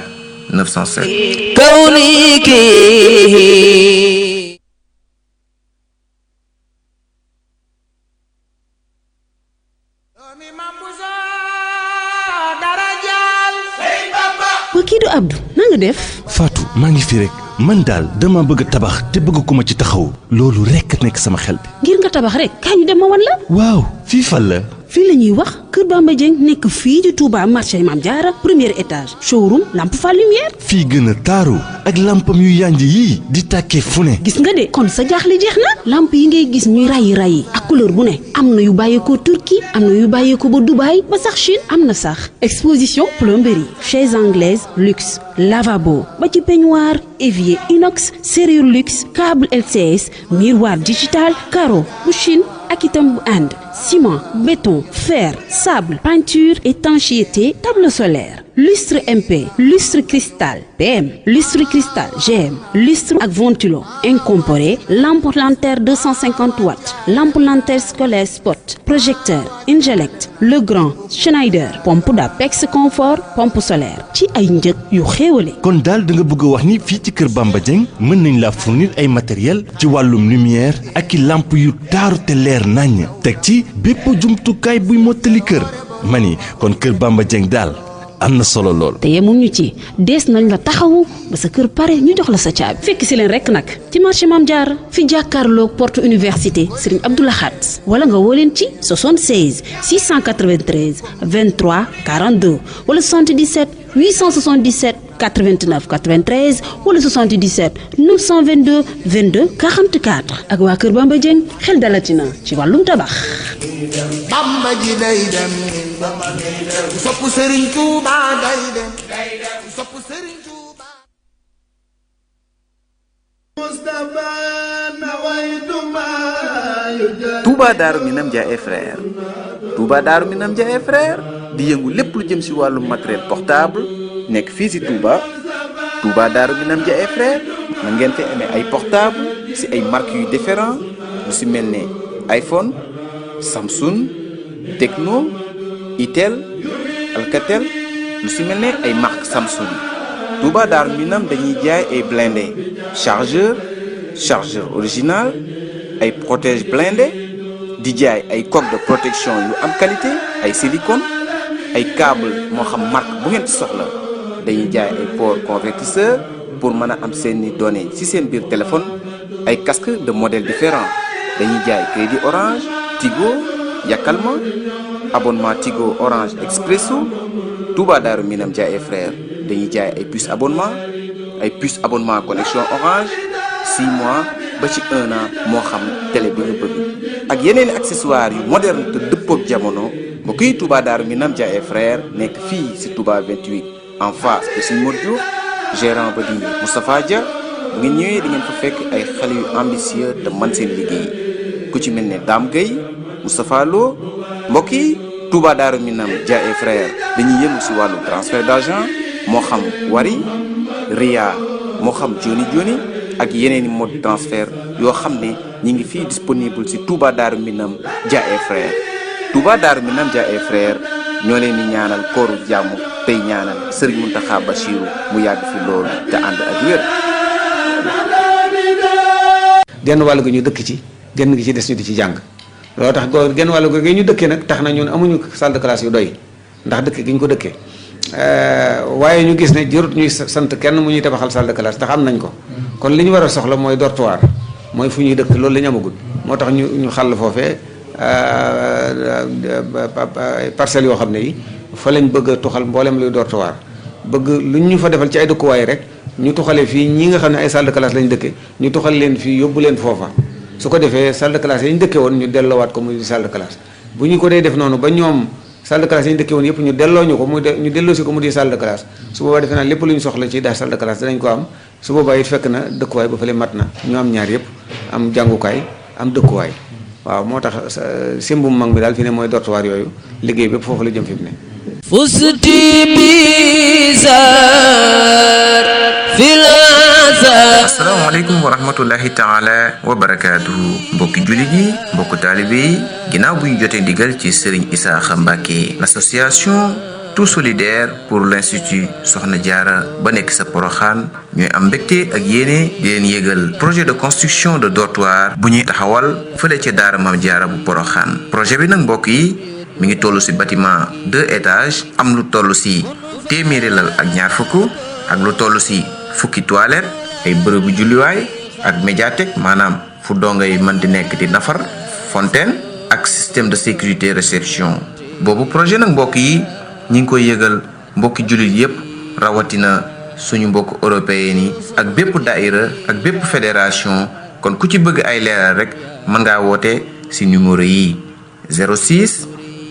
S3: 907
S5: kawniki Abdou na def
S6: Fatou maa ngi fi rek man daal dama bëgg tabax te bëgg ku ma ci taxaw loolu rekk nekk sama xel bi.
S5: ngir nga tabax rek kaay dem ma wan la.
S6: waaw fii fan la.
S5: fii la ñuy wax Kër Bamba Dieng nekk fii di Touba marché Mame Diarra premier étage showroom lampe fa lumière.
S6: fii gën a taaru ak lampam yu yànj yii di tàkkee fu ne.
S5: gis nga de kon sa jaaxle jeex na lampe yi ngay gis ñuy rayi rayi ak couleur bu ne am na yu bàyyeekoo Turquie am na yu ko ba Dubaï ba sax Chine am na sax exposition plomberie chaise anglaise luxe lavabo ba ci peignoir évier inox serrure luxe câble LCS miroir digital carreau bu Chine ak itam bu Inde. ciment, béton, fer, sable, peinture, étanchéité, table solaire. Lustre MP, lustre cristal PM, lustre cristal GM, lustre ak ventilo incorporé, lampe lanterne 250 watts, lampe lanterne scolaire spot, projecteur, Ingelect, Legrand, Schneider, pompe d'Apex confort, pompe solaire ci ay njëg yu xéewale. kon daal da nga
S6: bëgg a wax ni fii ci kër Bamba Dieng mën nañ la fournir ay matériel ci wàllum lumière ak i lamp yu taaru te leer nañ ci bépp jumtukaay buy mottali kër ma ni kon kër Bamba Dieng daal am na solo lool.
S5: te yemuñu ci des nañ la taxawu ba sa kër pare ñu jox la sa caabi. fekk si leen rek nag ci marché Mame jaar fi jàkkaarloog porte université Serigne Abdou Lahat wala nga woo leen ci 76 693 23 42 wala 77 877. 89 93 wala 77 922 22 44 ak waa Kër Bamba Dieng xel dalatina ci wàllum tabax.
S3: Bamba ji day dem sopp Serigne Touba day dem sopp Serigne Touba. Touba Darou Minam Dia di yëngu lépp lu jëm ci wàllum matériel portable. nekk fii si Touba Touba Darou Minam Dia et frère man ngeen amee ay portable si ay marques yu différent lu si mel ne iPhone Samsung Tecno Itel Alcatel lu si mel ne ay marque Samsung Touba Darou Minam dañuy jaay ay blindé chargeur chargeur original ay protège blindé di jaay ay coque de protection yu am qualité ay silicone ay câble moo xam marque bu ngeen soxla dañuy jaay ay port convertisseur pour mën a am seeni données ci seen biir téléphone ay casque de modèles différents dañuy jaay crédit orange Tigo Yakalma abonnement Tigo orange expresso Touba Daaru Minam Dia et frères dañuy jaay ay puces abonnement ay puces abonnement connexion orange 6 mois ba ci 1 an moo xam télé bi ñu bëgg ak yeneen accessoires yu moderne te dëppook jamono mbokk yi Touba Daaru Minam Dia et frères nekk fii ci tubaa 28 en face bi suñ Modou Diouf ba di Moustapha Dia bu ngeen ñëwee di ngeen fa fekk ay xale yu ambitieux te man seen liggéey ku ci mel ne Dame Gueye Moustapha Lo mbokk yi Touba Daaru Minam Dia et frère dañuy yëngu si wàllu transfert d'argent moo xam Wari Ria moo xam Joni Joni ak yeneen i mode yoo xam ne ñi ngi fi disponible si Touba Daaru Minam Dia et frère Touba Daaru Minam Dia et frère ñoo leen di ñaanal kooru jàmm tey ñaanal sëriñ Mountakha Bassirou mu yàgg fi loolu te ànd ak wér. genn wàll gi ñu dëkk ci
S4: genn gi ci des ñu di ci jàng loo tax goo genn wàll gi ñu dëkkee nag tax na ñun amuñu salle de classe yu doy ndax dëkk gi ñu ko dëkkee euh, waaye ñu gis ne jërut ñuy sant kenn mu ñuy tabaxal salle de classe ndax am nañ ko kon li ñu war a soxla mooy dortoir mooy fu ñuy dëkk loolu la ñu moo tax ñu ñu xàll foofee euh, euh, parcelles yoo xam ne yi fa lañ bëgg a tuxal mboolem luy door tuwaar bëgg luñ ñu fa defal ci ay dëkkuwaay rek ñu tuxale fii ñi nga xam ne ay salle de classe lañ dëkke ñu tuxal leen fii yóbbu leen foofa su ko defee salle de classe yi ñu dëkke woon ñu dellowaat ko muy salle de classe bu ñu ko dee def noonu ba ñoom salle de classe yi ñu dëkke woon yëpp ñu delloo ñu ko muy ñu delloo si ko mu di salle de classe su boobaa defe naa lépp lu ñu soxla ci daa salle de classe danañ ko am su boobaa it fekk na dëkkuwaay ba fële mat na ñu ñaar yëpp am jàngukaay am dëkkuwaay waaw moo tax sémbum mag mi daal fi mooy dortoir yooyu liggéey bépp foofu la jëm fi mu
S5: فزت بزار في العذاب
S3: asalaamaaleykum wa rahmatullahi taala wa barakaatuhu mbokki julli ji mbokk taalibe yi ginnaaw bu jotee digal ci Serigne Isaaxa Mbàkke l'association tout solidaire pour l'institut Soxna Jaara ba nekk sa poroxaan ñooy am mbégte ak yéene di leen yégal projet de construction de dortoir bu ñuy taxawal fële ca daara Maam Jaara bu poroxaan projet bi nag mbokk yi mi ngi toll si batiment de étage am lu toll si téeméeri lal ak ñaar fukk ak lu toll si fukki toilette ay bërëbu julliwaay ak médiathèque maanaam fu dongo yi mën di nekk di nafar fontaine ak système de sécurité réception boobu projet nag mbokk yi ñu ngi koy yëgal mbokki jullit yépp rawatina suñu mbokk européen yi ak bépp daïra ak bépp fédération kon ku ci bëgg ay leeral rek mën ngaa woote ci numéro yi 06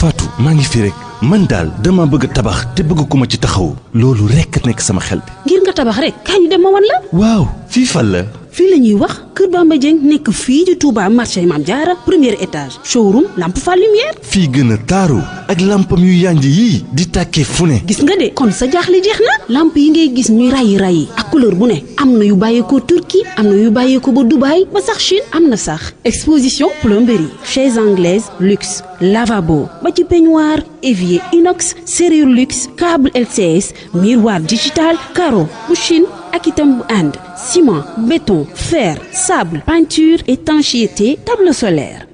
S6: faatu maa ngi fi rek man daal dama bëgg tabax te bëgg ku ma ci taxaw loolu rek nekk sama xel bi.
S5: ngir nga tabax rek kañ dem ma wan la.
S6: waaw fii fan la.
S5: fii la ñuy wax Kër Bamba Dieng nekk fii di Touba marché Mame Diarra premier étage showroom lampe fa lumière.
S6: fii gën a taaru ak lampam yu yànj yii di tàkkee fu ne.
S5: gis nga de kon sa jaaxle jeex na lamp yi ngay gis ñuy rayi rayi ak couleur bu ne am na yu bàyyeekoo Turquie am na yu bàyyeekoo ba Dubaï ba sax Chine am na sax exposition plomberie chaise anglaise luxe lavabo ba ci peignoir évier inox serrure luxe câble LCS miroir digital carreau bu Chine ak itam bu Inde. ciment, béton, fer, sable, peinture, étanchéité, table solaire.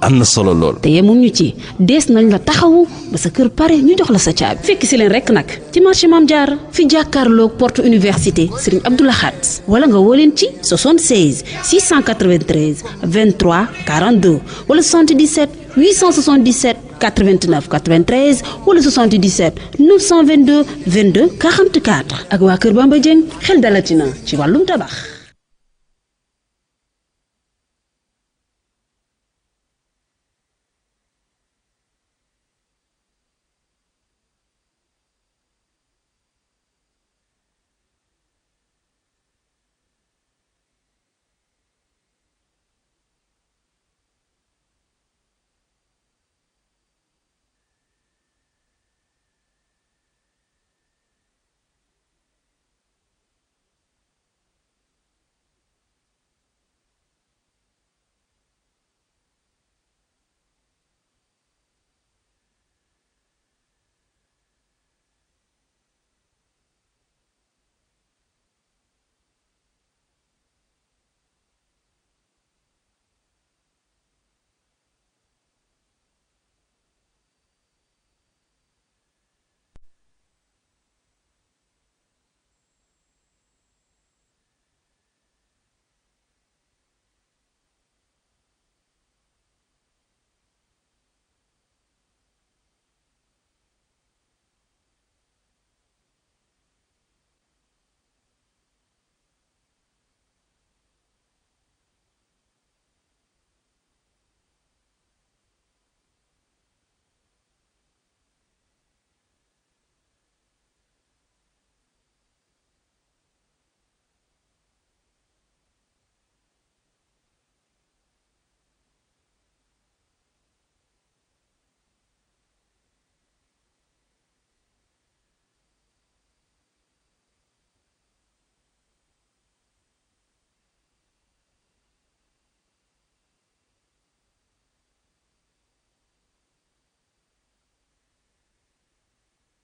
S5: am na solo lool. te yemum ñu ci dees nañ la taxawu ba sa kër pare ñu jox la sa caabi. fekk si leen rek nag ci marché Mame jaar fi jàkkaarloog porte université Serigne Abdou Lahat wala nga woo leen ci 76 693 23 42 wala 77 877 89 93 wala 77 922 22 44 ak waa Kër Bamba Dieng xel dalatina ci wàllum tabax.